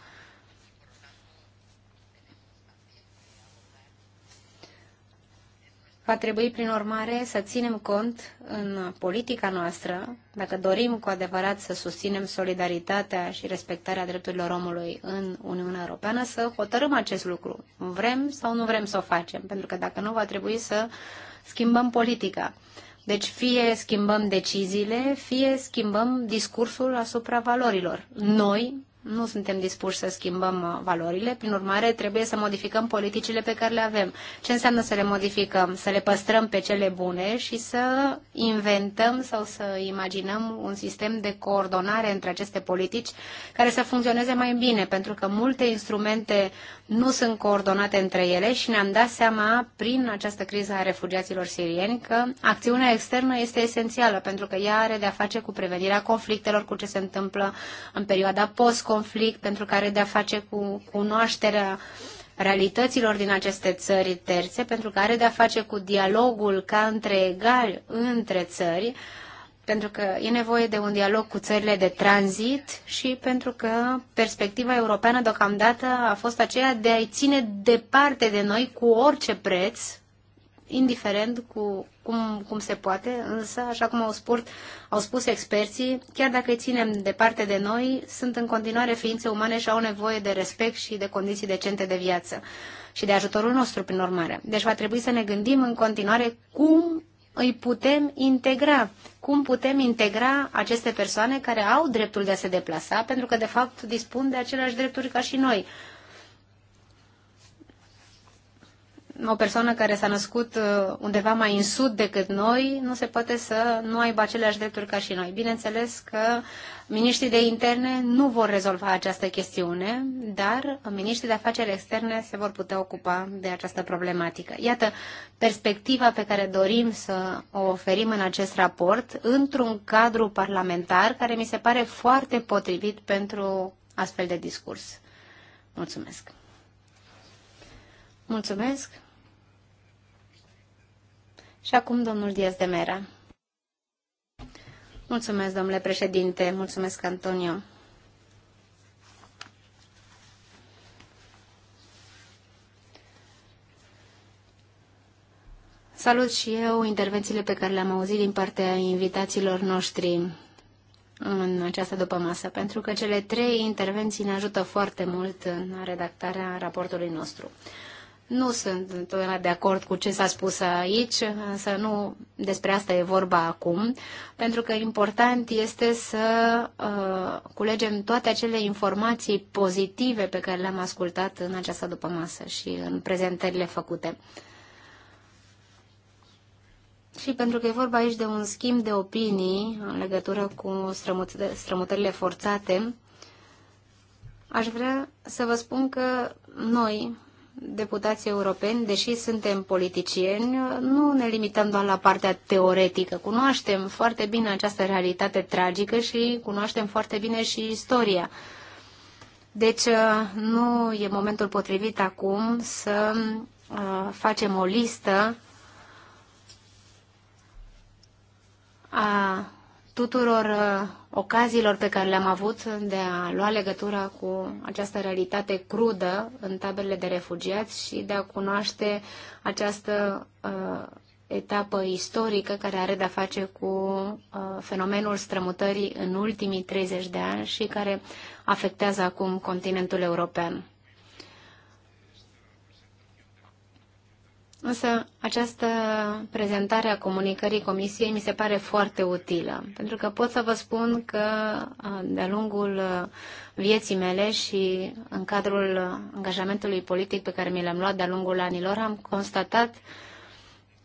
Va trebui, prin urmare, să ținem cont în politica noastră, dacă dorim cu adevărat să susținem solidaritatea și respectarea drepturilor omului în Uniunea Europeană, să hotărâm acest lucru. Vrem sau nu vrem să o facem, pentru că dacă nu, va trebui să schimbăm politica. Deci fie schimbăm deciziile, fie schimbăm discursul asupra valorilor. Noi, nu suntem dispuși să schimbăm uh, valorile, prin urmare trebuie să modificăm politicile pe care le avem. Ce înseamnă să le modificăm? Să le păstrăm pe cele bune și să inventăm sau să imaginăm un sistem de coordonare între aceste politici care să funcționeze mai bine, pentru că multe instrumente nu sunt coordonate între ele și ne-am dat seama prin această criză a refugiaților sirieni că acțiunea externă este esențială, pentru că ea are de-a face cu prevenirea conflictelor, cu ce se întâmplă în perioada post conflict pentru că are de-a face cu cunoașterea realităților din aceste țări terțe, pentru că are de-a face cu dialogul ca între egali între țări, pentru că e nevoie de un dialog cu țările de tranzit și pentru că perspectiva europeană deocamdată a fost aceea de a-i ține departe de noi cu orice preț, indiferent cu cum, cum se poate, însă, așa cum au spus, au spus experții, chiar dacă îi ținem departe de noi, sunt în continuare ființe umane și au nevoie de respect și de condiții decente de viață și de ajutorul nostru, prin urmare. Deci va trebui să ne gândim în continuare cum îi putem integra, cum putem integra aceste persoane care au dreptul de a se deplasa, pentru că, de fapt, dispun de aceleași drepturi ca și noi o persoană care s-a născut uh, undeva mai în sud decât noi nu se poate să nu aibă aceleași drepturi ca și noi. Bineînțeles că miniștrii de interne nu vor rezolva această chestiune, dar miniștrii de afaceri externe se vor putea ocupa de această problematică. Iată, perspectiva pe care dorim să o oferim în acest raport, într-un cadru parlamentar care mi se pare foarte potrivit pentru astfel de discurs. Mulțumesc! Mulțumesc! Și acum domnul Diaz de Mera. Mulțumesc, domnule președinte. Mulțumesc, Antonio. Salut și eu intervențiile pe care le-am auzit din partea invitațiilor noștri în această dupămasă, pentru că cele trei intervenții ne ajută foarte mult în redactarea raportului nostru. Nu sunt întotdeauna de acord cu ce s-a spus aici, însă nu despre asta e vorba acum, pentru că important este să uh, culegem toate acele informații pozitive pe care le-am ascultat în această dupămasă și în prezentările făcute. Și pentru că e vorba aici de un schimb de opinii în legătură cu strămut strămutările forțate, aș vrea să vă spun că noi, deputații europeni, deși suntem politicieni, nu ne limităm doar la partea teoretică. Cunoaștem foarte bine această realitate tragică și cunoaștem foarte bine și istoria. Deci uh, nu e momentul potrivit acum să uh, facem o listă a tuturor uh, ocaziilor pe care le-am avut de a lua legătura cu această realitate crudă în taberele de refugiați și de a cunoaște această uh, etapă istorică care are de-a face cu uh, fenomenul strămutării în ultimii 30 de ani și care afectează acum continentul european. Însă această prezentare a comunicării Comisiei mi se pare foarte utilă, pentru că pot să vă spun că de-a lungul vieții mele și în cadrul angajamentului politic pe care mi l-am luat de-a lungul anilor, am constatat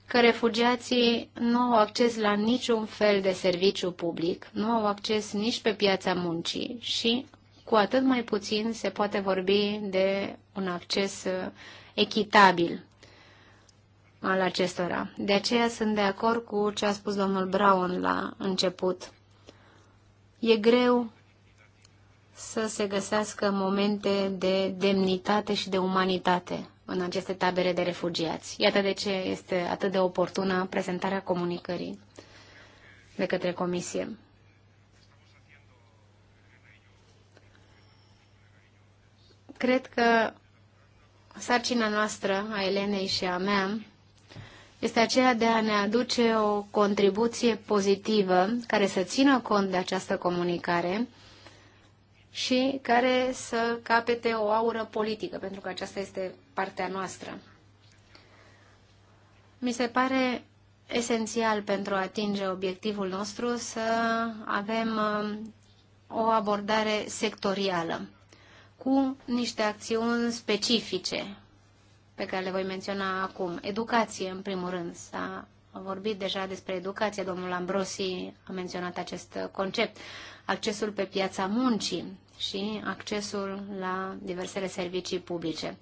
că refugiații nu au acces la niciun fel de serviciu public, nu au acces nici pe piața muncii și cu atât mai puțin se poate vorbi de un acces echitabil al acestora. De aceea sunt de acord cu ce a spus domnul Brown la început. E greu să se găsească momente de demnitate și de umanitate în aceste tabere de refugiați. Iată de ce este atât de oportună prezentarea comunicării de către Comisie. Cred că sarcina noastră, a Elenei și a mea, este aceea de a ne aduce o contribuție pozitivă care să țină cont de această comunicare și care să capete o aură politică, pentru că aceasta este partea noastră. Mi se pare esențial pentru a atinge obiectivul nostru să avem um, o abordare sectorială cu niște acțiuni specifice pe care le voi menționa acum. Educație, în primul rând. S-a vorbit deja despre educație. Domnul Ambrosi a menționat acest concept. Accesul pe piața muncii și accesul la diversele servicii publice.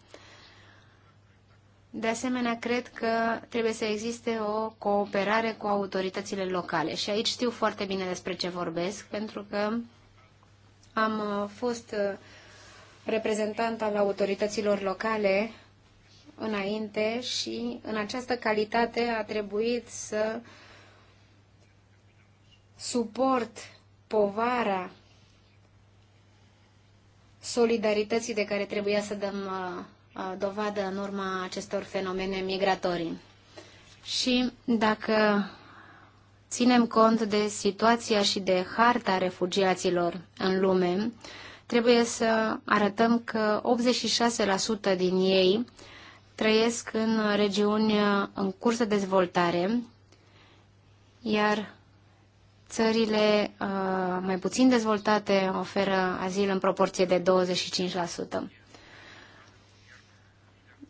De asemenea, cred că trebuie să existe o cooperare cu autoritățile locale. Și aici știu foarte bine despre ce vorbesc, pentru că am fost reprezentant al autorităților locale înainte și în această calitate a trebuit să suport povara solidarității de care trebuia să dăm uh, uh, dovadă în urma acestor fenomene migratorii. Și dacă ținem cont de situația și de harta refugiaților în lume, trebuie să arătăm că 86% din ei trăiesc în regiuni în curs de dezvoltare, iar țările uh, mai puțin dezvoltate oferă azil în proporție de 25%.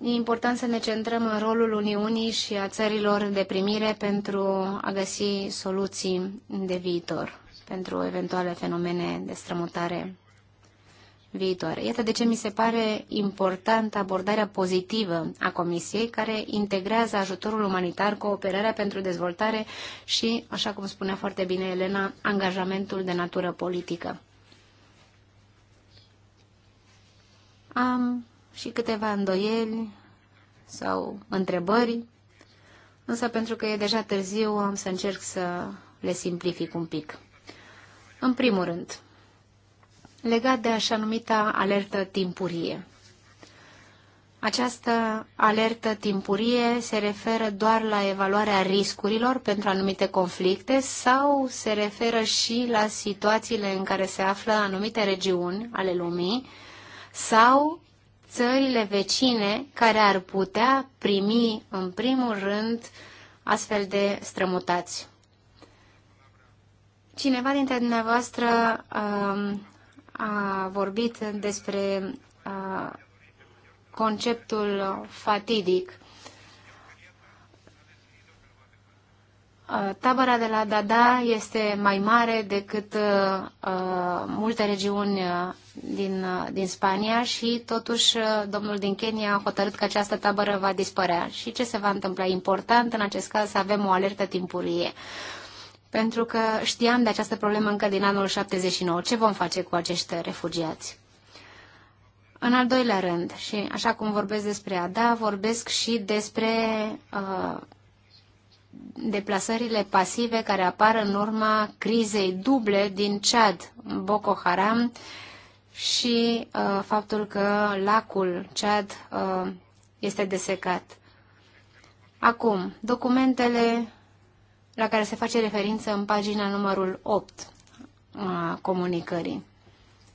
E important să ne centrăm în rolul Uniunii și a țărilor de primire pentru a găsi soluții de viitor pentru eventuale fenomene de strămutare viitor. Iată de ce mi se pare importantă abordarea pozitivă a Comisiei, care integrează ajutorul umanitar, cooperarea pentru dezvoltare și, așa cum spunea foarte bine Elena, angajamentul de natură politică. Am și câteva îndoieli sau întrebări, însă pentru că e deja târziu, am să încerc să le simplific un pic. În primul rând, legat de așa numita alertă timpurie. Această alertă timpurie se referă doar la evaluarea riscurilor pentru anumite conflicte sau se referă și la situațiile în care se află anumite regiuni ale lumii sau țările vecine care ar putea primi în primul rând astfel de strămutați. Cineva dintre dumneavoastră um, a vorbit despre conceptul fatidic. Tabăra de la Dada este mai mare decât uh, multe regiuni din, din Spania și totuși domnul din Kenya a hotărât că această tabără va dispărea. Și ce se va întâmpla? Important în acest caz să avem o alertă timpurie pentru că știam de această problemă încă din anul 79. Ce vom face cu acești refugiați? În al doilea rând, și așa cum vorbesc despre ADA, vorbesc și despre uh, deplasările pasive care apar în urma crizei duble din Chad, Boko Haram și uh, faptul că lacul Chad uh, este desecat. Acum, documentele la care se face referință în pagina numărul 8 a comunicării.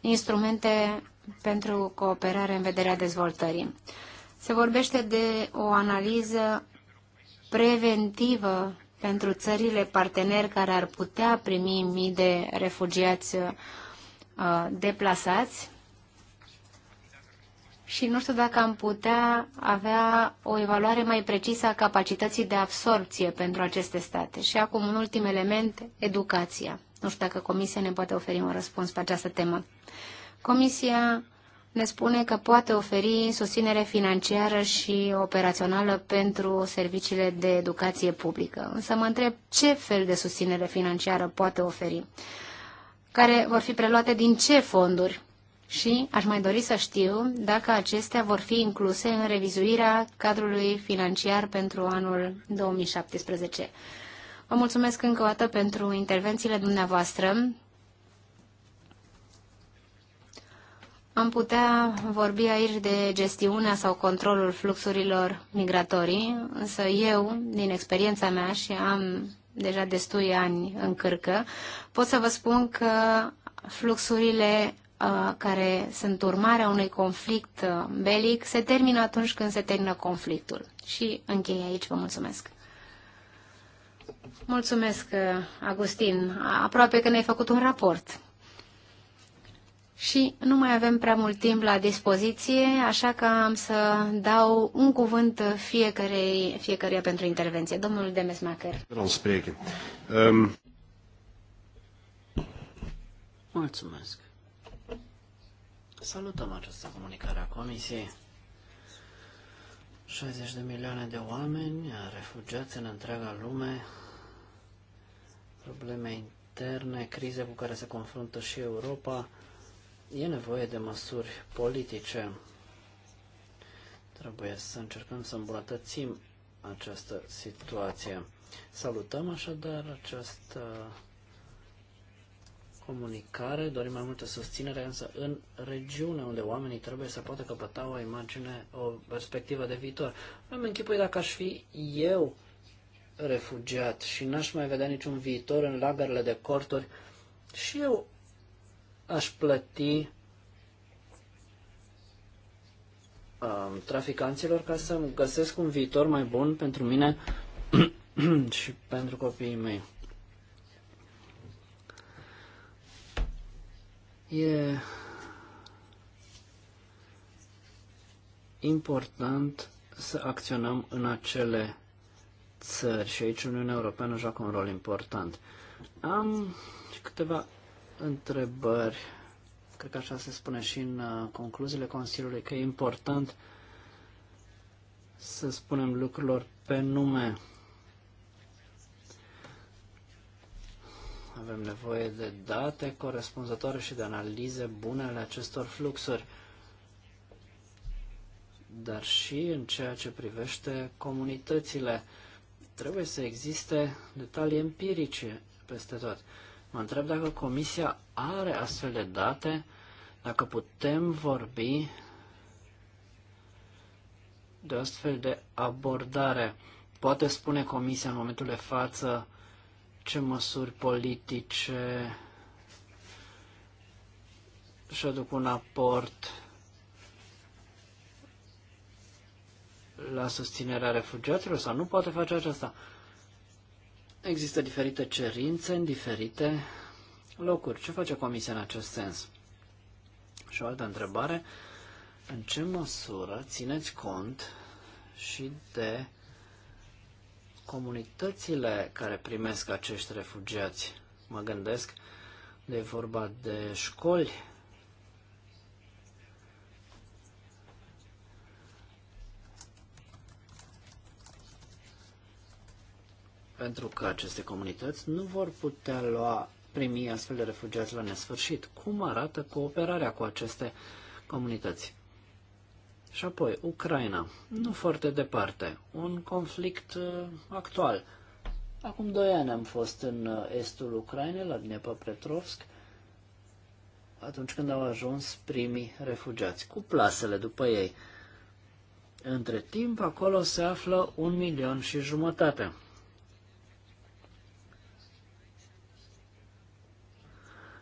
Instrumente pentru cooperare în vederea dezvoltării. Se vorbește de o analiză preventivă pentru țările parteneri care ar putea primi mii de refugiați uh, deplasați și nu știu dacă am putea avea o evaluare mai precisă a capacității de absorpție pentru aceste state. Și acum un ultim element, educația. Nu știu dacă Comisia ne poate oferi un răspuns pe această temă. Comisia ne spune că poate oferi susținere financiară și operațională pentru serviciile de educație publică. Însă mă întreb ce fel de susținere financiară poate oferi, care vor fi preluate din ce fonduri și aș mai dori să știu dacă acestea vor fi incluse în revizuirea cadrului financiar pentru anul 2017. Vă mulțumesc încă o dată pentru intervențiile dumneavoastră. Am putea vorbi aici de gestiunea sau controlul fluxurilor migratorii, însă eu, din experiența mea și am deja destui ani în cârcă, pot să vă spun că fluxurile care sunt urmarea unui conflict belic se termină atunci când se termină conflictul. Și închei aici, vă mulțumesc. Mulțumesc, Agustin. Aproape că ne-ai făcut un raport. Și nu mai avem prea mult timp la dispoziție, așa că am să dau un cuvânt fiecarei, fiecare pentru intervenție. Domnul Demesmacher. Mulțumesc. Salutăm această comunicare a Comisiei. 60 de milioane de oameni uh, refugiați în întreaga lume, probleme interne, crize cu care se confruntă și Europa, e nevoie de măsuri politice. Trebuie să încercăm să îmbunătățim această situație. Salutăm așadar această comunicare, dorim mai multă susținere, însă în regiune unde oamenii trebuie să poată căpăta o imagine, o perspectivă de viitor. Am închipui dacă aș fi eu refugiat și n-aș mai vedea niciun viitor în lagările de corturi și eu aș plăti um, traficanților ca să-mi găsesc un viitor mai bun pentru mine și pentru copiii mei. E important să acționăm în acele țări și aici Uniunea Europeană joacă un rol important. Am câteva întrebări. Cred că așa se spune și în uh, concluziile Consiliului că e important să spunem lucrurilor pe nume. Avem nevoie de date corespunzătoare și de analize bune ale acestor fluxuri, dar și în ceea ce privește comunitățile. Trebuie să existe detalii empirice peste tot. Mă întreb dacă Comisia are astfel de date, dacă putem vorbi de astfel de abordare. Poate spune Comisia în momentul de față ce măsuri politice și aduc un aport la susținerea refugiaților sau nu poate face aceasta. Există diferite cerințe în diferite locuri. Ce face Comisia în acest sens? Și o altă întrebare, în ce măsură țineți cont și de comunitățile care primesc acești refugiați. Mă gândesc de vorba de școli. Pentru că aceste comunități nu vor putea lua primi astfel de refugiați la nesfârșit. Cum arată cooperarea cu aceste comunități? Și apoi, Ucraina, nu foarte departe, un conflict uh, actual. Acum doi ani am fost în uh, estul Ucrainei, la Dnepropetrovsk, atunci când au ajuns primii refugiați, cu plasele după ei. Între timp, acolo se află un milion și jumătate.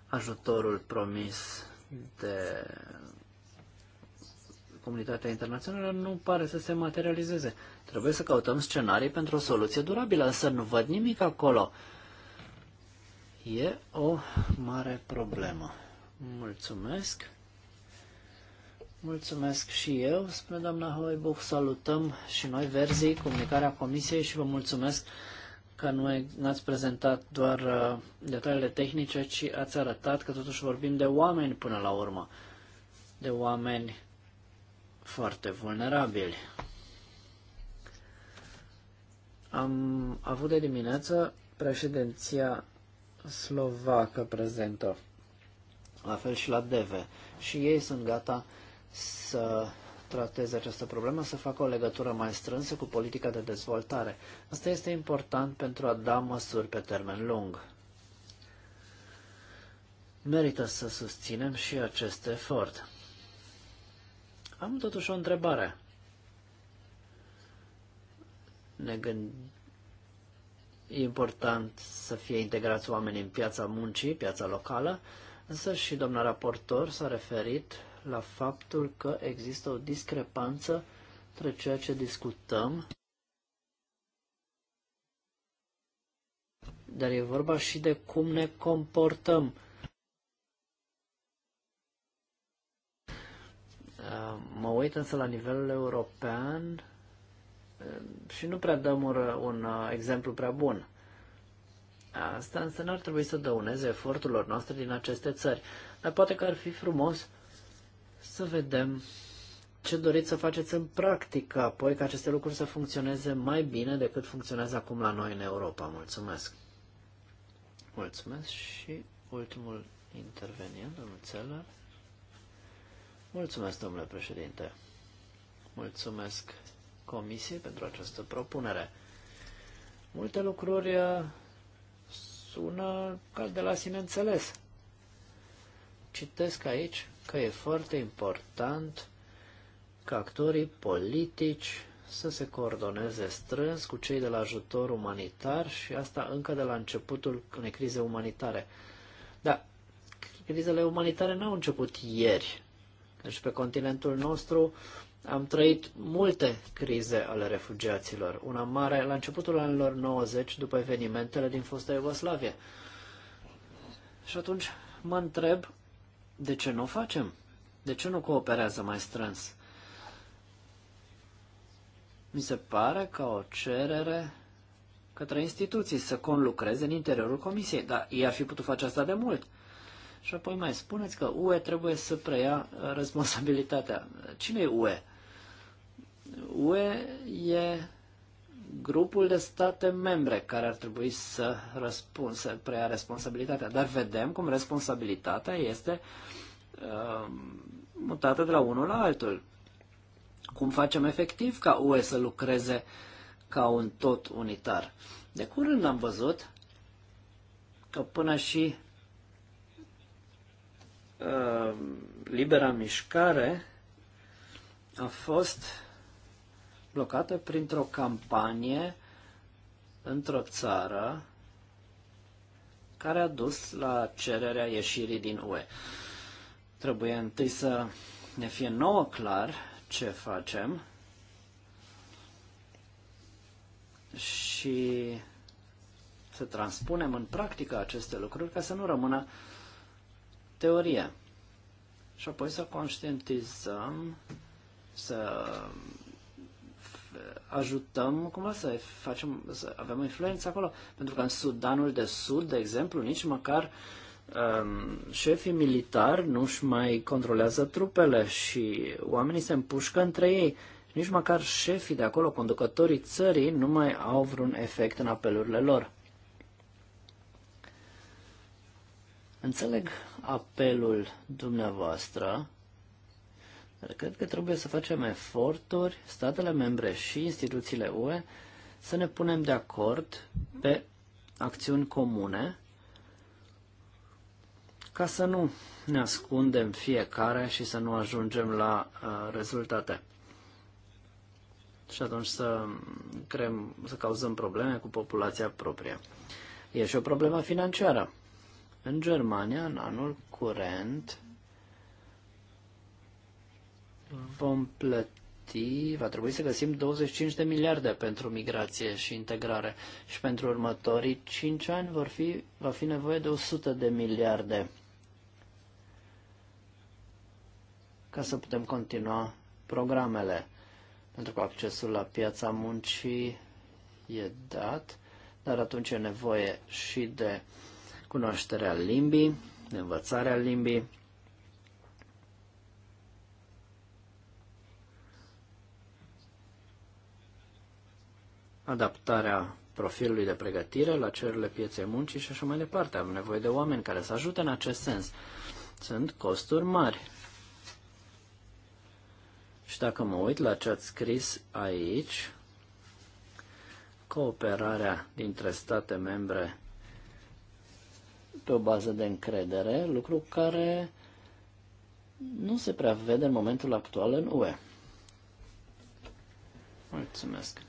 Ajutorul promis de comunitatea internațională nu pare să se materializeze. Trebuie să căutăm scenarii pentru o soluție durabilă, însă nu văd nimic acolo. E o mare problemă. Mulțumesc. Mulțumesc și eu, spune doamna Hoibuch, salutăm și noi verzii, comunicarea comisiei și vă mulțumesc că nu ați prezentat doar uh, detaliile tehnice, ci ați arătat că totuși vorbim de oameni până la urmă. De oameni foarte vulnerabili. Am avut de dimineață președinția slovacă prezentă, la fel și la DEVE, și ei sunt gata să trateze această problemă, să facă o legătură mai strânsă cu politica de dezvoltare. Asta este important pentru a da măsuri pe termen lung. Merită să susținem și acest efort. Am totuși o întrebare. Ne gând... E important să fie integrați oamenii în piața muncii, piața locală, însă și doamna raportor s-a referit la faptul că există o discrepanță între ceea ce discutăm, dar e vorba și de cum ne comportăm Ehm, mă uit însă la nivelul european ehm, și nu prea dăm un, un uh, exemplu prea bun. Asta însă n-ar trebui să dăuneze eforturilor noastre din aceste țări. Dar poate că ar fi frumos să vedem ce doriți să faceți în practică, apoi ca aceste lucruri să funcționeze mai bine decât funcționează acum la noi în Europa. Mulțumesc! Mulțumesc și ultimul intervenient, domnul Țeller. Mulțumesc, domnule președinte. Mulțumesc Comisiei pentru această propunere. Multe lucruri uh, sună ca de la sine înțeles. Citesc aici că e foarte important ca actorii politici să se coordoneze strâns cu cei de la ajutor umanitar și asta încă de la începutul unei crize umanitare. Da, crizele umanitare n-au început ieri. Deci pe continentul nostru am trăit multe crize ale refugiaților. Una mare la începutul anilor 90, după evenimentele din fosta Iugoslavie. Și atunci mă întreb, de ce nu o facem? De ce nu cooperează mai strâns? Mi se pare ca o cerere către instituții să conlucreze în interiorul comisiei, dar ei ar fi putut face asta de mult. Și apoi mai spuneți că UE trebuie să preia uh, responsabilitatea. Cine e UE? UE e grupul de state membre care ar trebui să, răspund, să preia responsabilitatea. Dar vedem cum responsabilitatea este uh, mutată de la unul la altul. Cum facem efectiv ca UE să lucreze ca un tot unitar? De curând am văzut că până și Uh, libera mișcare a fost blocată printr-o campanie într-o țară care a dus la cererea ieșirii din UE. Trebuie întâi să ne fie nouă clar ce facem și să transpunem în practică aceste lucruri ca să nu rămână uh, teoria. Și apoi să conștientizăm, să ajutăm cumva să facem, să avem o influență acolo. Pentru că în Sudanul de Sud, de exemplu, nici măcar um, șefii militari nu-și mai controlează trupele și oamenii se împușcă între ei. Nici măcar șefii de acolo, conducătorii țării, nu mai au vreun efect în apelurile lor. Înțeleg apelul dumneavoastră, dar cred că trebuie să facem eforturi, statele membre și instituțiile UE, să ne punem de acord pe acțiuni comune ca să nu ne ascundem fiecare și să nu ajungem la uh, rezultate. Și atunci să, creăm, să cauzăm probleme cu populația proprie. E și o problemă financiară. În Germania, în anul curent, vom plăti, va trebui să găsim 25 de miliarde pentru migrație și integrare și pentru următorii 5 ani vor fi, va fi nevoie de 100 de miliarde ca să putem continua programele. Pentru că accesul la piața muncii e dat, dar atunci e nevoie și de cunoașterea limbii, învățarea limbii, adaptarea profilului de pregătire la cererile pieței muncii și așa mai departe. Am nevoie de oameni care să ajute în acest sens. Sunt costuri mari. Și dacă mă uit la ce ați scris aici, cooperarea dintre state membre pe o bază de încredere, lucru care nu se prea vede în momentul actual în UE. Mulțumesc.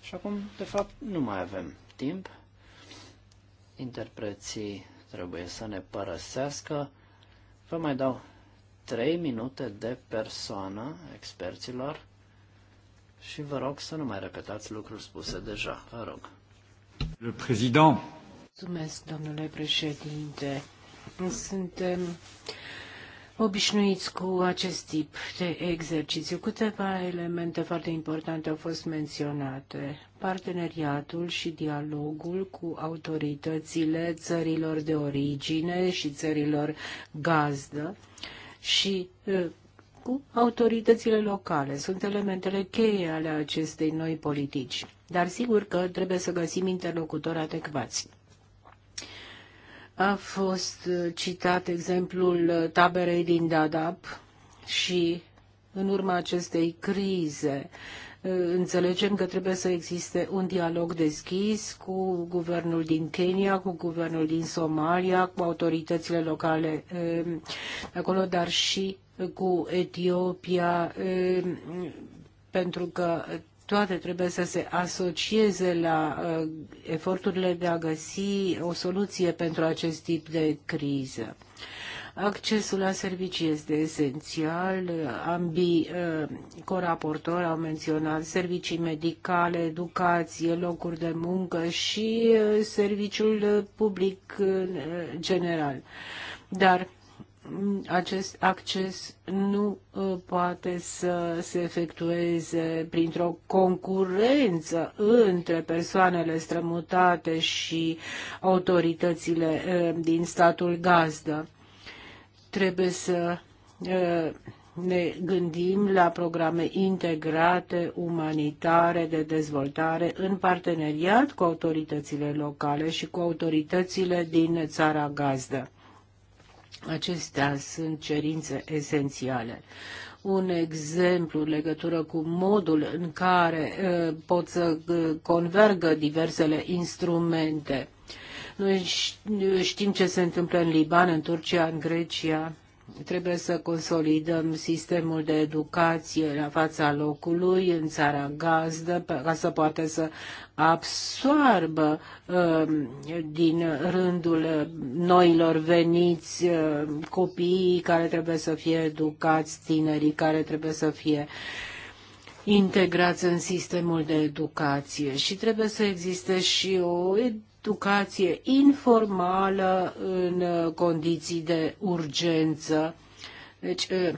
Și acum, de fapt, nu mai avem timp. Interpreții trebuie să ne părăsească. Vă mai dau 3 minute de persoană experților și vă rog să nu mai repetați lucruri spuse deja. Vă rog. Le président, Mulțumesc, domnule președinte. Suntem obișnuiți cu acest tip de exercițiu. Câteva elemente foarte importante au fost menționate. Parteneriatul și dialogul cu autoritățile țărilor de origine și țărilor gazdă și cu autoritățile locale. Sunt elementele cheie ale acestei noi politici. Dar sigur că trebuie să găsim interlocutori adecvați. A fost citat exemplul taberei din Dadaab, și în urma acestei crize înțelegem că trebuie să existe un dialog deschis cu guvernul din Kenya, cu guvernul din Somalia, cu autoritățile locale ehm, acolo, dar și cu Etiopia, ehm, pentru că toate trebuie să se asocieze la uh, eforturile de a găsi o soluție pentru acest tip de criză. Accesul la servicii este esențial. Ambii uh, coraportori au menționat servicii medicale, educație, locuri de muncă și uh, serviciul public uh, uh general. Dar acest acces nu uh, poate să se efectueze printr-o concurență între persoanele strămutate și autoritățile uh, din statul gazdă. Trebuie să uh, ne gândim la programe integrate, umanitare, de dezvoltare, în parteneriat cu autoritățile locale și cu autoritățile din țara gazdă. Acestea sunt cerințe esențiale. Un exemplu în legătură cu modul în care pot să convergă diversele instrumente. Noi știm ce se întâmplă în Liban, în Turcia, în Grecia, Trebuie să consolidăm sistemul de educație la fața locului, în țara gazdă, ca să poată să absoarbă um, din rândul uh, noilor veniți uh, copiii care trebuie să fie educați, tinerii care trebuie să fie integrați în sistemul de educație și trebuie să existe și o educație informală în uh, condiții de urgență. Deci uh,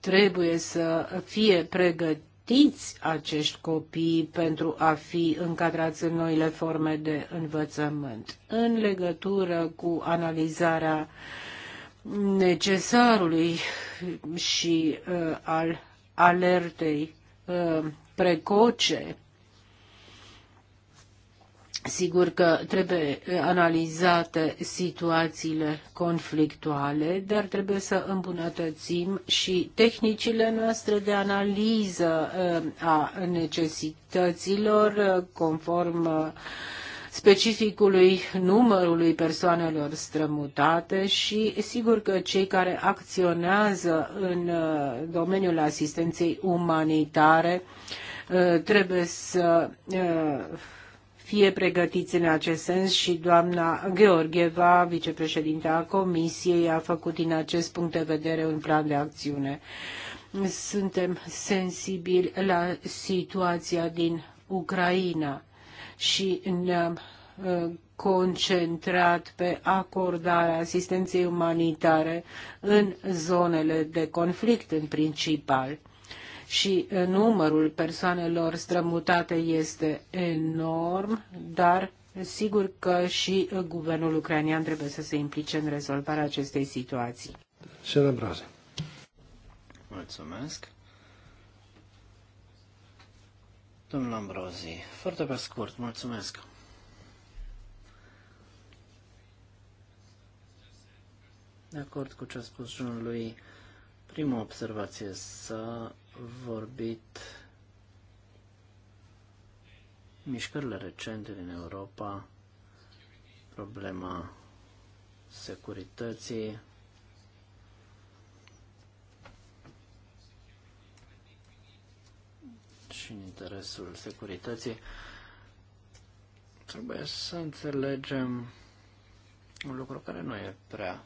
trebuie să fie pregătiți acești copii pentru a fi încadrați în noile forme de învățământ. În legătură cu analizarea necesarului și uh, al alertei uh, precoce, Sigur că trebuie analizate situațiile conflictuale, dar trebuie să îmbunătățim și tehnicile noastre de analiză uh, a necesităților uh, conform uh, specificului numărului persoanelor strămutate și sigur că cei care acționează în domeniul asistenței umanitare trebuie să fie pregătiți în acest sens și doamna Gheorgheva, vicepreședinta Comisiei, a făcut din acest punct de vedere un plan de acțiune. Suntem sensibili la situația din Ucraina și ne-am uh, concentrat pe acordarea asistenței umanitare în zonele de conflict în principal și numărul persoanelor strămutate este enorm, dar sigur că și guvernul ucrainean trebuie să se implice în rezolvarea acestei situații. Celebraze. Mulțumesc. Domnul Ambrozi, foarte pe scurt, mulțumesc. De acord cu ce a spus lui. prima observație, să vorbit mișcările recente din Europa, problema securității, și în interesul securității, trebuie să înțelegem un lucru care nu e prea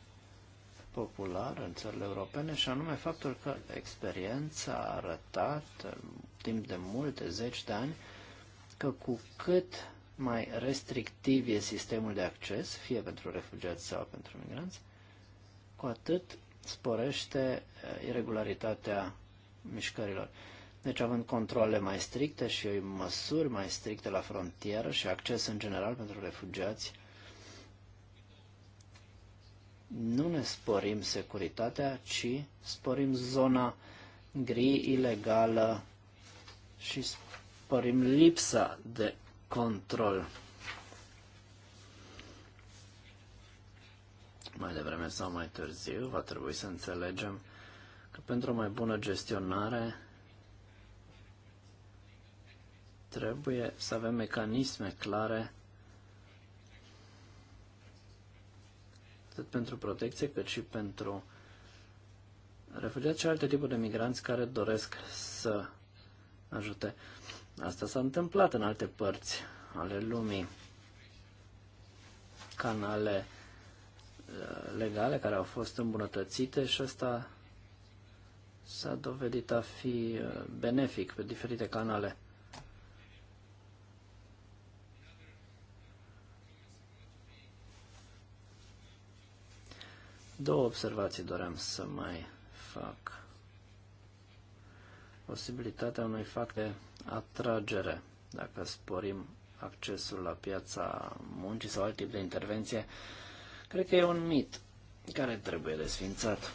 popular în țările europene și anume faptul că experiența a arătat timp de multe zeci de ani că cu cât mai restrictiv e sistemul de acces, fie pentru refugiați sau pentru migranți, cu atât sporește eh, irregularitatea mișcărilor. Deci având controle mai stricte și măsuri mai stricte la frontieră și acces în general pentru refugiați, nu ne sporim securitatea, ci sporim zona gri, ilegală și sporim lipsa de control. Mai devreme sau mai târziu va trebui să înțelegem că pentru o mai bună gestionare trebuie să avem mecanisme clare atât pentru protecție cât și pentru refugiați și alte tipuri de migranți care doresc să ajute. Asta s-a întâmplat în alte părți ale lumii. Canale uh, legale care au fost îmbunătățite și asta s-a dovedit a fi uh, benefic pe diferite canale. Două observații doream să mai fac. Posibilitatea unui fapt de atragere, dacă sporim accesul la piața muncii sau alt tip de intervenție, cred că e un mit care trebuie desfințat.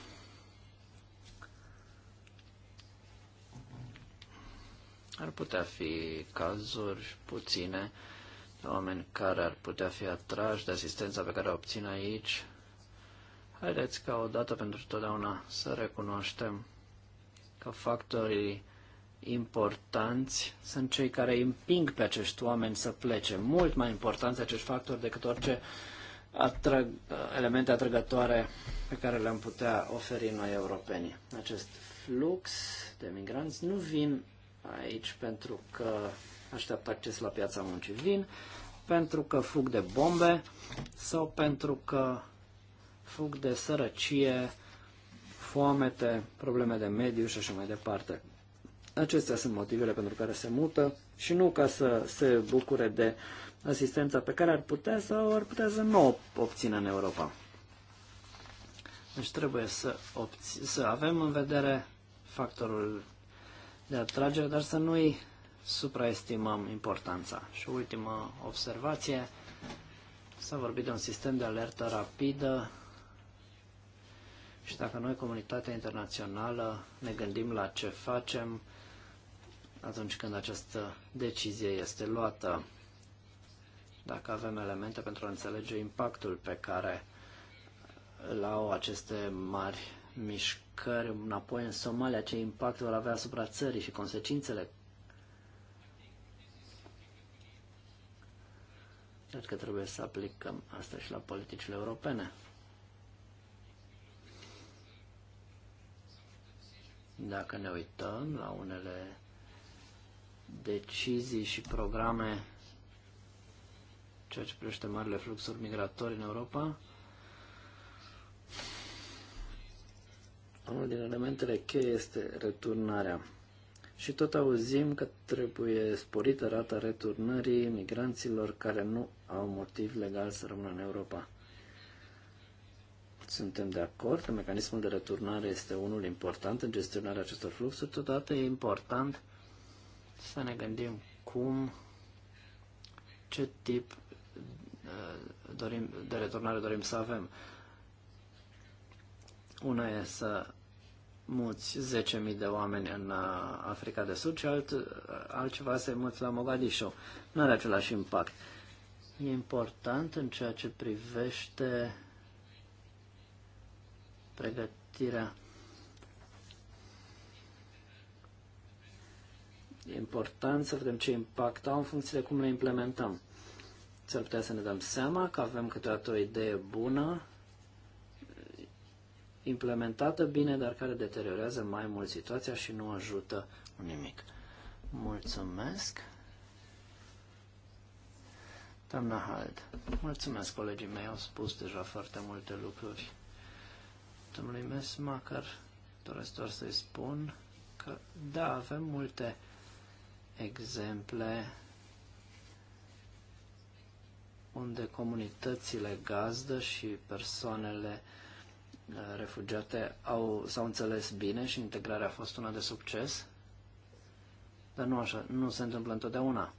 Ar putea fi cazuri puține de oameni care ar putea fi atrași de asistența pe care o obțin aici Haideți ca odată pentru totdeauna să recunoaștem că factorii importanți sunt cei care împing pe acești oameni să plece. Mult mai importanți acești factori decât orice atrag, elemente atrăgătoare pe care le-am putea oferi noi europenii. Acest flux de migranți nu vin aici pentru că așteaptă acces la piața muncii. Vin pentru că fug de bombe sau pentru că fug de sărăcie, foamete, probleme de mediu și așa mai departe. Acestea sunt motivele pentru care se mută și nu ca să se bucure de asistența pe care ar putea sau ar putea să nu o obțină în Europa. Deci trebuie să, să avem în vedere factorul de atragere, dar să nu-i supraestimăm importanța. Și ultima observație, s-a vorbit de un sistem de alertă rapidă și dacă noi, comunitatea internațională, ne gândim la ce facem atunci când această decizie este luată, dacă avem elemente pentru a înțelege impactul pe care îl au aceste mari mișcări înapoi în Somalia, ce impact vor avea asupra țării și consecințele. Cred că trebuie să aplicăm asta și la politicile europene. Dacă ne uităm la unele decizii și programe ceea ce privește marile fluxuri migratorii în Europa, unul din elementele cheie este returnarea. Și tot auzim că trebuie sporită rata returnării migranților care nu au motiv legal să rămână în Europa suntem de acord că mecanismul de returnare este unul important în gestionarea acestor fluxuri, totodată e important să ne gândim cum, ce tip uh, dorim, de returnare dorim să avem. Una e să muți 10.000 de oameni în uh, Africa de Sud și alt, uh, altceva să muți la Mogadishu. Nu are același impact. E important în ceea ce privește pregătirea. E important să vedem ce impact au în funcție de cum le implementăm. S-ar putea să ne dăm seama că avem câteodată o idee bună, implementată bine, dar care deteriorează mai mult situația și nu ajută nimic. Mulțumesc! Doamna Hald, mulțumesc colegii mei, au spus deja foarte multe lucruri domnului Mesmacher doresc doar să-i spun că, da, avem multe exemple unde comunitățile gazdă și persoanele uh, refugiate au, s-au înțeles bine și integrarea a fost una de succes, dar nu, așa, nu se întâmplă întotdeauna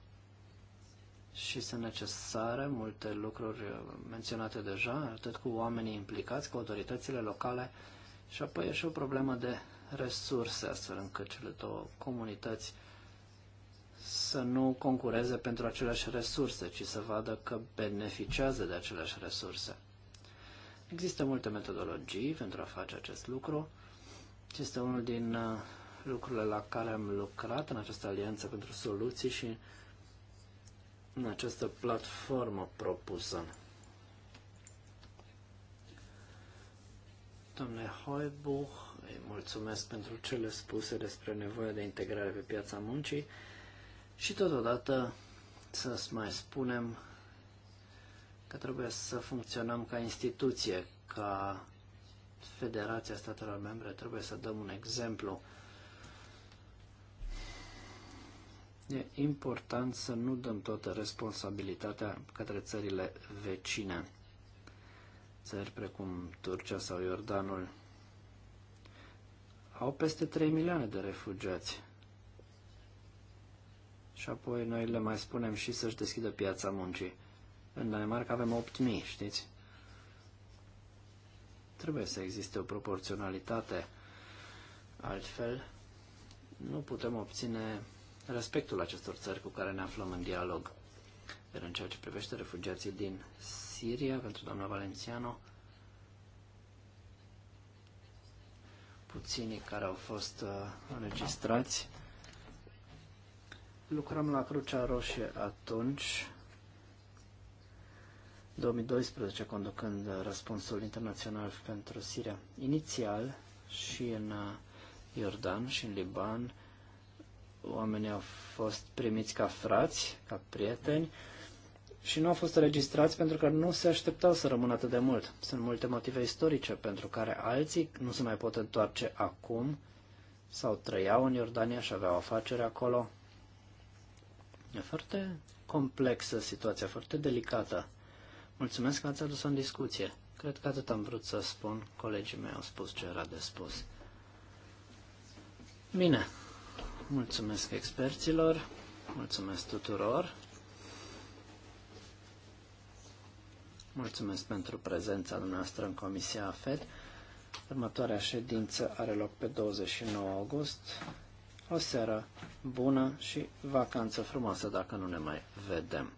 și sunt necesare multe lucruri uh, menționate deja, atât cu oamenii implicați, cu autoritățile locale și apoi e și o problemă de resurse, astfel încât cele două comunități să nu concureze pentru aceleași resurse, ci să vadă că beneficiază de aceleași resurse. Există multe metodologii pentru a face acest lucru. Este unul din uh, lucrurile la care am lucrat în această alianță pentru soluții și în această platformă propusă. Domnule Hoibuch, îi mulțumesc pentru cele spuse despre nevoia de integrare pe piața muncii și totodată să mai spunem că trebuie să funcționăm ca instituție, ca Federația Statelor Membre, trebuie să dăm un exemplu E important să nu dăm toată responsabilitatea către țările vecine, țări precum Turcia sau Iordanul. Au peste 3 milioane de refugiați. Și apoi noi le mai spunem și să-și deschidă piața muncii. În Danemarca avem 8.000, știți? Trebuie să existe o proporționalitate. Altfel, nu putem obține respectul acestor țări cu care ne aflăm în dialog. Iar în ceea ce privește refugiații din Siria, pentru doamna Valenciano, puținii care au fost uh, înregistrați. Lucram la Crucea Roșie atunci, 2012, conducând răspunsul internațional pentru Siria. Inițial și în uh, Iordan și în Liban oamenii au fost primiți ca frați, ca prieteni și nu au fost registrați pentru că nu se așteptau să rămână atât de mult. Sunt multe motive istorice pentru care alții nu se mai pot întoarce acum sau trăiau în Iordania și aveau afaceri acolo. E foarte complexă situația, foarte delicată. Mulțumesc că ați adus-o în discuție. Cred că atât am vrut să spun. Colegii mei au spus ce era de spus. Bine, Mulțumesc experților, mulțumesc tuturor, mulțumesc pentru prezența noastră în Comisia AFED. Următoarea ședință are loc pe 29 august. O seară bună și vacanță frumoasă dacă nu ne mai vedem.